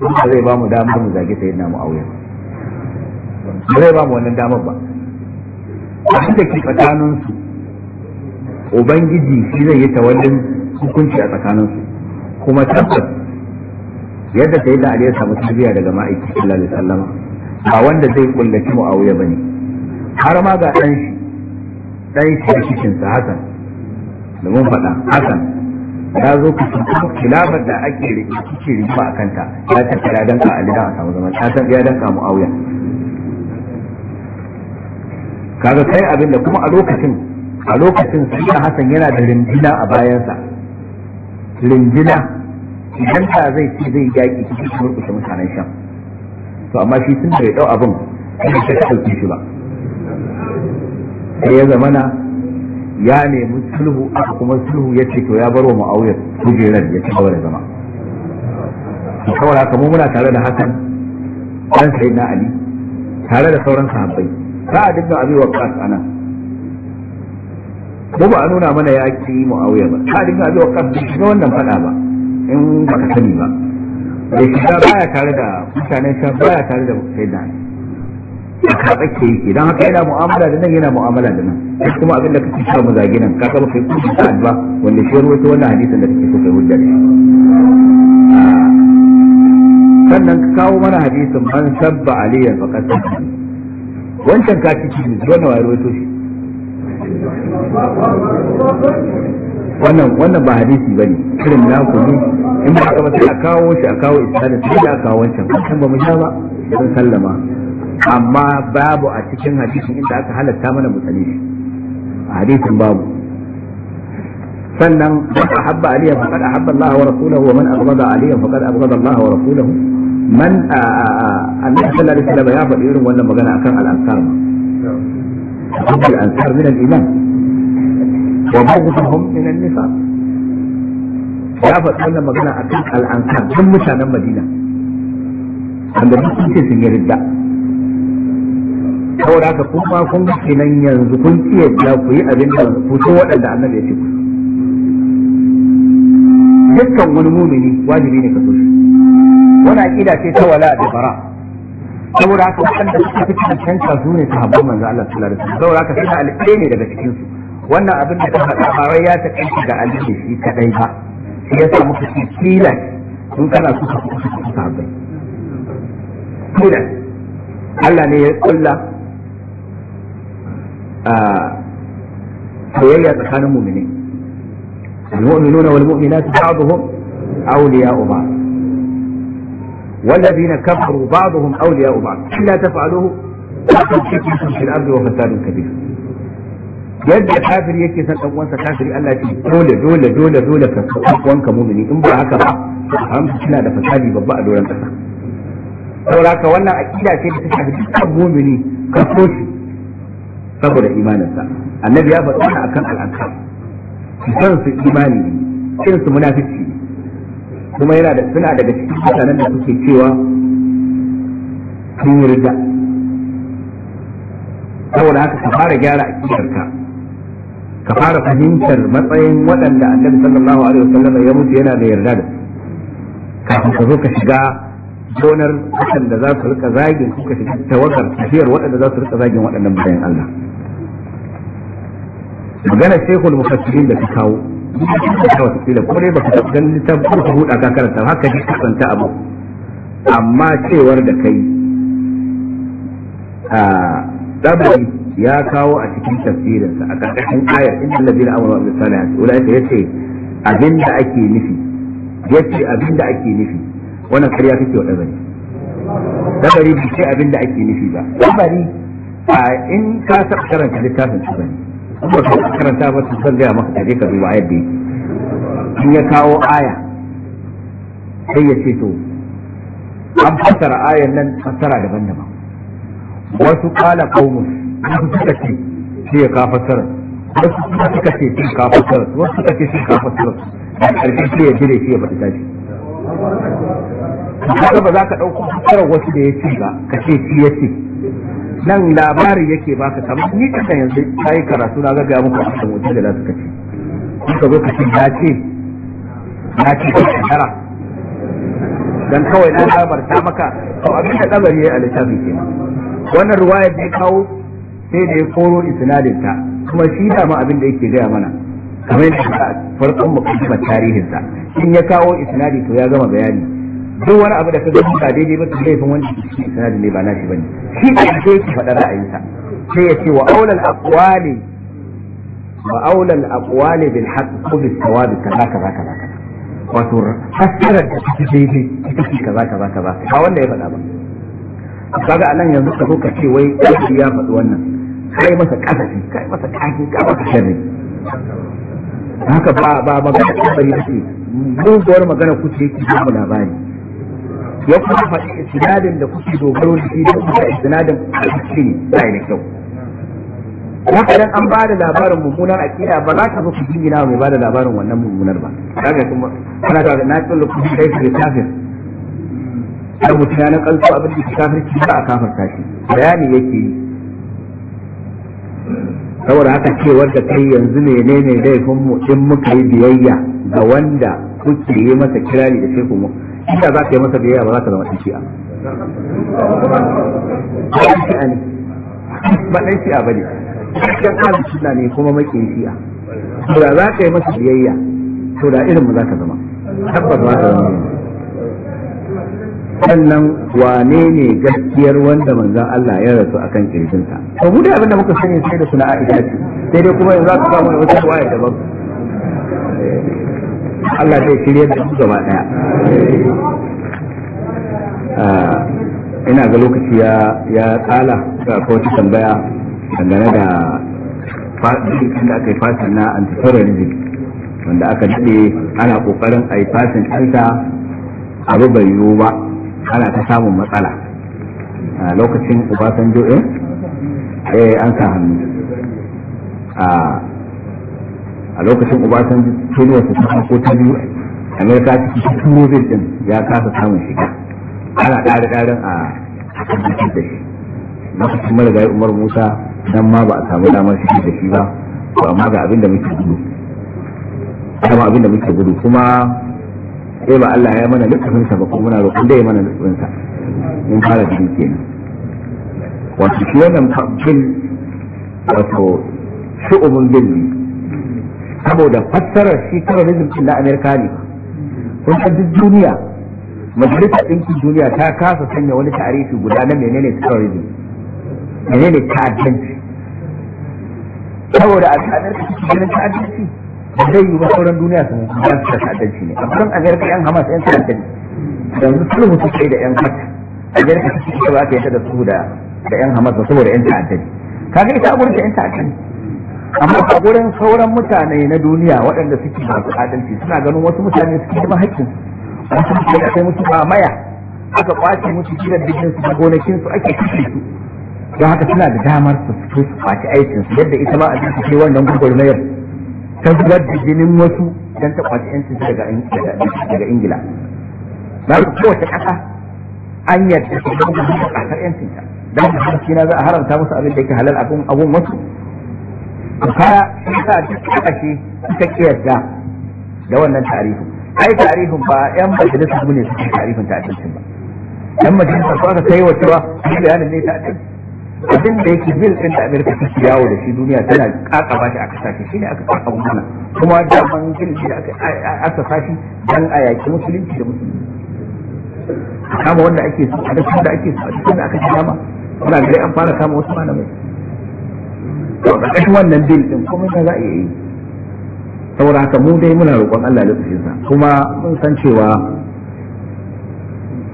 ba zai ba mu damar mu zage na mu'awiya ba zai ba mu wannan damar ba abin da ke tsakaninsu ubangiji shi zai yi tawallin hukunci a tsakaninsu kuma tabbas yadda sai da ya samu tarbiyya daga ma'aikacin sallallahu alaihi ba wanda zai kullaci muawiya bane har ma ga dan shi dan shi cikin sa hasan da mun faɗa hasan ya zo ku kilafar da ake rikici rikici a kanta ya tattara dan ka alida a samu zaman ya san ya dan ka muawiya kaga kai abin da kuma a lokacin a lokacin sai hasan yana da rindina a bayansa rindina idan ta zai ce zai yaƙi cikin murƙushe mutanen shan. to amma shi tun ya dau abin kuma ta ɗauki shi ba sai ya zamana ya nemi sulhu aka kuma sulhu ya ce to ya bar wa mu'awiyar kujerar ya ci gaba da zama saboda haka mu muna tare da hakan dan sai na ali tare da sauran sahabbai a dinga abi kas anan ko ba a nuna mana ya ki mu'awiyar ba sa'ad dinga abi wa kas shiga wannan fada ba in baka sani ba bai shiga baya tare da mutanen can baya tare da sai da a karɓa ke yi idan haka yana mu'amala da nan yana mu'amala da nan sai kuma abin da kake sha mu zagi ka kaba kai kuma ta alba wanda shi ta wannan hadisin da kake so kai hujja da sannan ka kawo mana hadisin man sabba aliyan fa kasan wancan ka ciki wannan wa ruwaito shi wannan wannan ba hadisi bane irin na ku ne in ba ka sai a kawo shi a kawo isnadin sai da kawo wancan kan ba mu sha ba sun sallama amma babu a cikin hadisin inda aka halatta mana mu tsane shi a hadisin babu sannan man ahabba aliyan faqad ahabba Allah wa rasulahu wa man abghada aliyan faqad abghada Allah wa rasulahu man a annabi sallallahu alaihi wasallam ya faɗi irin wannan magana akan al-ansar al-ansar min al-iman wa ba'dhum min an-nifaq ya faɗi wannan magana a al-ansar duk mutanen Madina wanda duk sun sun yi ridda saboda haka kun kun ga kenan yanzu kun iya ya ku yi abin da waɗanda ya ce ku wani wajibi ne ka wani ce ta wala da bara saboda haka waɗanda suka fi cancanta su ne sahabban manzo Allah sallallahu alaihi wasallam saboda haka suna alƙe ne daga cikin su wannan abin da kuma faɗa ya ta kanki ga Ali ne shi kadai ba shi ya samu kusa kilan in kana so ka kusa su sabai kilan Allah ne ya kulla a soyayya tsakanin mu'mini المؤمنون والمؤمنات بعضهم أولياء بعض والذين كفروا بعضهم أولياء بعض إلا تفعلوه تكن فتنة في الأرض وفساد كبير yadda kafiri yake son dan uwansa kafiri Allah ce dole dole dole dole ka san dan uwanka mu'mini in ba haka ba haramta kina da fasadi babba a doron kasa saboda haka wannan aqida ce da take dukkan mu'mini ka so shi saboda imaninsa annabi ya faɗa wannan akan al'akam son su imani kin su munafiki kuma yana da suna daga cikin mutanen da suke cewa sun yi rida saboda haka ka fara gyara akidarka ka fara fahimtar matsayin waɗanda annabi sallallahu alaihi wasallam ya mutu yana da yarda da su kafin ka zo ka shiga donar waɗanda za su rika zagin ko ka shiga tawagar tafiyar waɗanda za su rika zagin waɗannan bayan Allah magana shekul mufassirin da ka kawo wataƙila ko dai baka dan littafin ko ka buɗa ka karanta haka ji kasanta abu amma cewar da kai a ya kawo a cikin tafsirinsa a ƙarƙashin ayar inda lazina amurwa da salihat ulaika yace abinda ake nufi yace abinda ake nufi wannan ƙarya kake wa dabari dabari bai ce abinda ake nufi ba dabari a in ka sa karanta littafin su bane kuma ka karanta ba su san gaya maka ka je ka duba ayar da yake in ya kawo aya sai ya ce to an fassara ayan nan fassara daban-daban wasu kala qaumus wasu suka ce shi ya kafa sarar wasu suka ce shi ya kafa sarar wasu suka ce shi ya kafa sarar a ƙarshen shi ya jire shi ya bata tashi haka ba za ka ɗauko sarar wasu da ya ce ba ka ce shi ya ce nan labarin yake baka kamar ni kasa yanzu ta yi karatu na gaggaya muku a cikin wajen da za su ka kace suka zo kace ya ce ya ce ka shekara dan kawai na ta maka to abin da labari ya yi a littafi kenan wannan ruwayar da ya kawo sai da ya koro isnadin ta kuma shi da ma abin da yake gaya mana kamar yadda farkon mukaddimar tarihin sa in ya kawo isnadi to ya gama bayani duk wani abu da ka gani ba daidai ba sai laifin wanda shi isnadi ne ba na shi bane shi ne da yake faɗa sa, sai ya ce wa aulal aqwali wa aulal aqwali bil haqq bis ka kaza kaza kaza wato fassarar da take daidai ita ce kaza kaza kaza ba wanda ya faɗa ba kaga anan yanzu ka zo ka ce wai ya faɗi wannan kai masa kasafi kai masa kaki ka masa sharri haka ba ba magana kabari ce mun gowar magana kuce ki ba labari ya kuma faɗi isnadin da kuke dogaro da shi da kuma isnadin alƙi ne bai da kyau haka dan an bada labarin mummunar akida ba za ka zo ku jingina mai bada labarin wannan mummunar ba kaga kuma ana ga na tsalla ku kai ku kafir da mutuna na kalso abin da kafirci ba a kafarta shi bayani yake yi saboda haka cewar da kai yanzu menene kun mu in muka yi biyayya ga wanda kuke yi masa kirari da shehu kuma inda za ka yi masa biyayya ba za ka zama ɗan shi'a ba ɗan shi'a ba ne cikin alin suna ne kuma maki shi'a to da za ka yi masa biyayya to da irin mu za ka zama tabbas za ka zama sannan wane ne gaskiyar wanda manzan Allah ya rasu akan kirjinsa ta mu abin da muka sani sai da suna Aisha ce sai dai kuma yanzu aka samu wata waya daban Allah zai shirya da su gaba daya ah, ina ga lokaci ya ya tsala ga wata tambaya dangane da fasikin da aka yi fasin na antiterrorism wanda aka daɗe ana ƙoƙarin a yi fasin ɗansa abu bai yiwu ba ana ta samun matsala a lokacin obasanjo a eh? eh an sa hannu a lokacin obasanjo tuniya su ta ko ta biyu amerika ta ci turo din ya kasa samun shiga ana ɗari ɗarin a kan da shi lokacin gari umar musa nan ma ba a samu damar shi da shi ba to amma ga abin da muke gudu abin da muke gudu kuma sai ba Allah ya mana lukafin sa ba ko muna roƙon da ya mana lukafin sa in fara yake nan. wato shi wannan bin wato umun bin saboda fassarar shi terrorism din na Amerika ne kun san duk duniya majalisar ɗinkin duniya ta kasa sanya wani tarihi guda na menene terrorism menene ta'addanci saboda a tsanar da cikin ganin ta'addanci da zai yi ba sauran duniya su ba su da ta'addanci ne a kusan amerika yan hamas yan ta'addanci yanzu sulhu su kai da yan fata amerika su ce ba ka yadda da su da yan hamas ba saboda yan ta'addanci kaga ita a gurin yan ta'addanci amma a gurin sauran mutane na duniya waɗanda suke ba su adalci suna ganin wasu mutane suke kuma haƙƙin wasu mutane sai mutu ba maya aka kwace mutu, kiran bikin su da gonakin su ake kashe su don haka suna da damar su fito su kwaci aikin su yadda ita ma a cikin wannan gurgurmayar ta zubar da jinin wasu don ta kwaci yanci daga ingila na su kowace ƙasa an yadda su zama da ƙasar yancin ta don ta hanci na za a haramta musu abin da yake halal abin abun wasu to kaya sun sa duk ƙasashe suka kiyarta da wannan tarihin ai tarihin ba yan majalisar ne suke tarihin ta abincin ba yan majalisar ba ta kai wa cewa bayanin ne ta abincin abin da yake bil din da Amerika shi yawo da shi duniya tana ba shi a kasashe shi ne aka kaka mana kuma da man gil shi da aka sashi dan a yaki musulunci da musulunci kama wanda ake so a duk da ake so a duk da aka kama kuna gari an fara kama wasu malamai to ƙarƙashin wannan bil din kuma za a yi saboda haka mu dai muna roƙon Allah lokacin sa kuma mun san cewa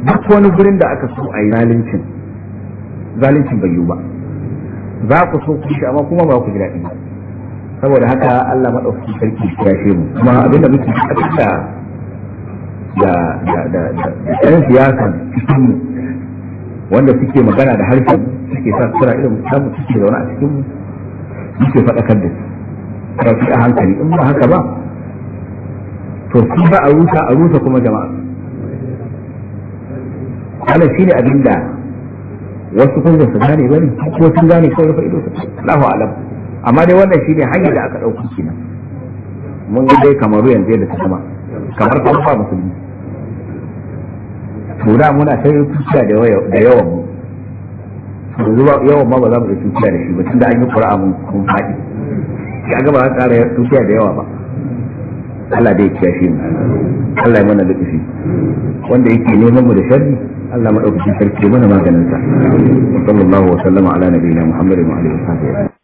duk wani gurin da aka so a yi zalincin zalunci bai yiwu ba za ku so ku shi amma kuma ba ku ji daɗi ba saboda haka Allah maɗaukaki sarki ya ce mu kuma abinda muke a da da da da ɗan siyasa cikin mu wanda suke magana da harshen suke sa sura irin samu suke zaune a cikin mu muke faɗakar da su ba su a hankali in ba haka ba to su ba a rusa a rusa kuma jama'a wannan shine da wasu kuma su gane bane ko sun gane ko rufe ido su Allahu alam amma dai wannan shine hanyar da aka dauko kina mun ga dai kamar yanzu da kuma kamar kuma ba musulmi to da muna sai kuciya da yawan mu yanzu ba yawan ma ba za mu yi kuciya da shi ba tunda an yi qur'a mun kun faɗi ya ga ba za ƙara kuciya da yawa ba Allah dai ya kiyaye mu Allah ya mana lutufi wanda yake neman mu da sharri Allah madaukakin sarki mana maganin sa sallallahu wa sallama ala nabiyina muhammadin wa alihi wa sahbihi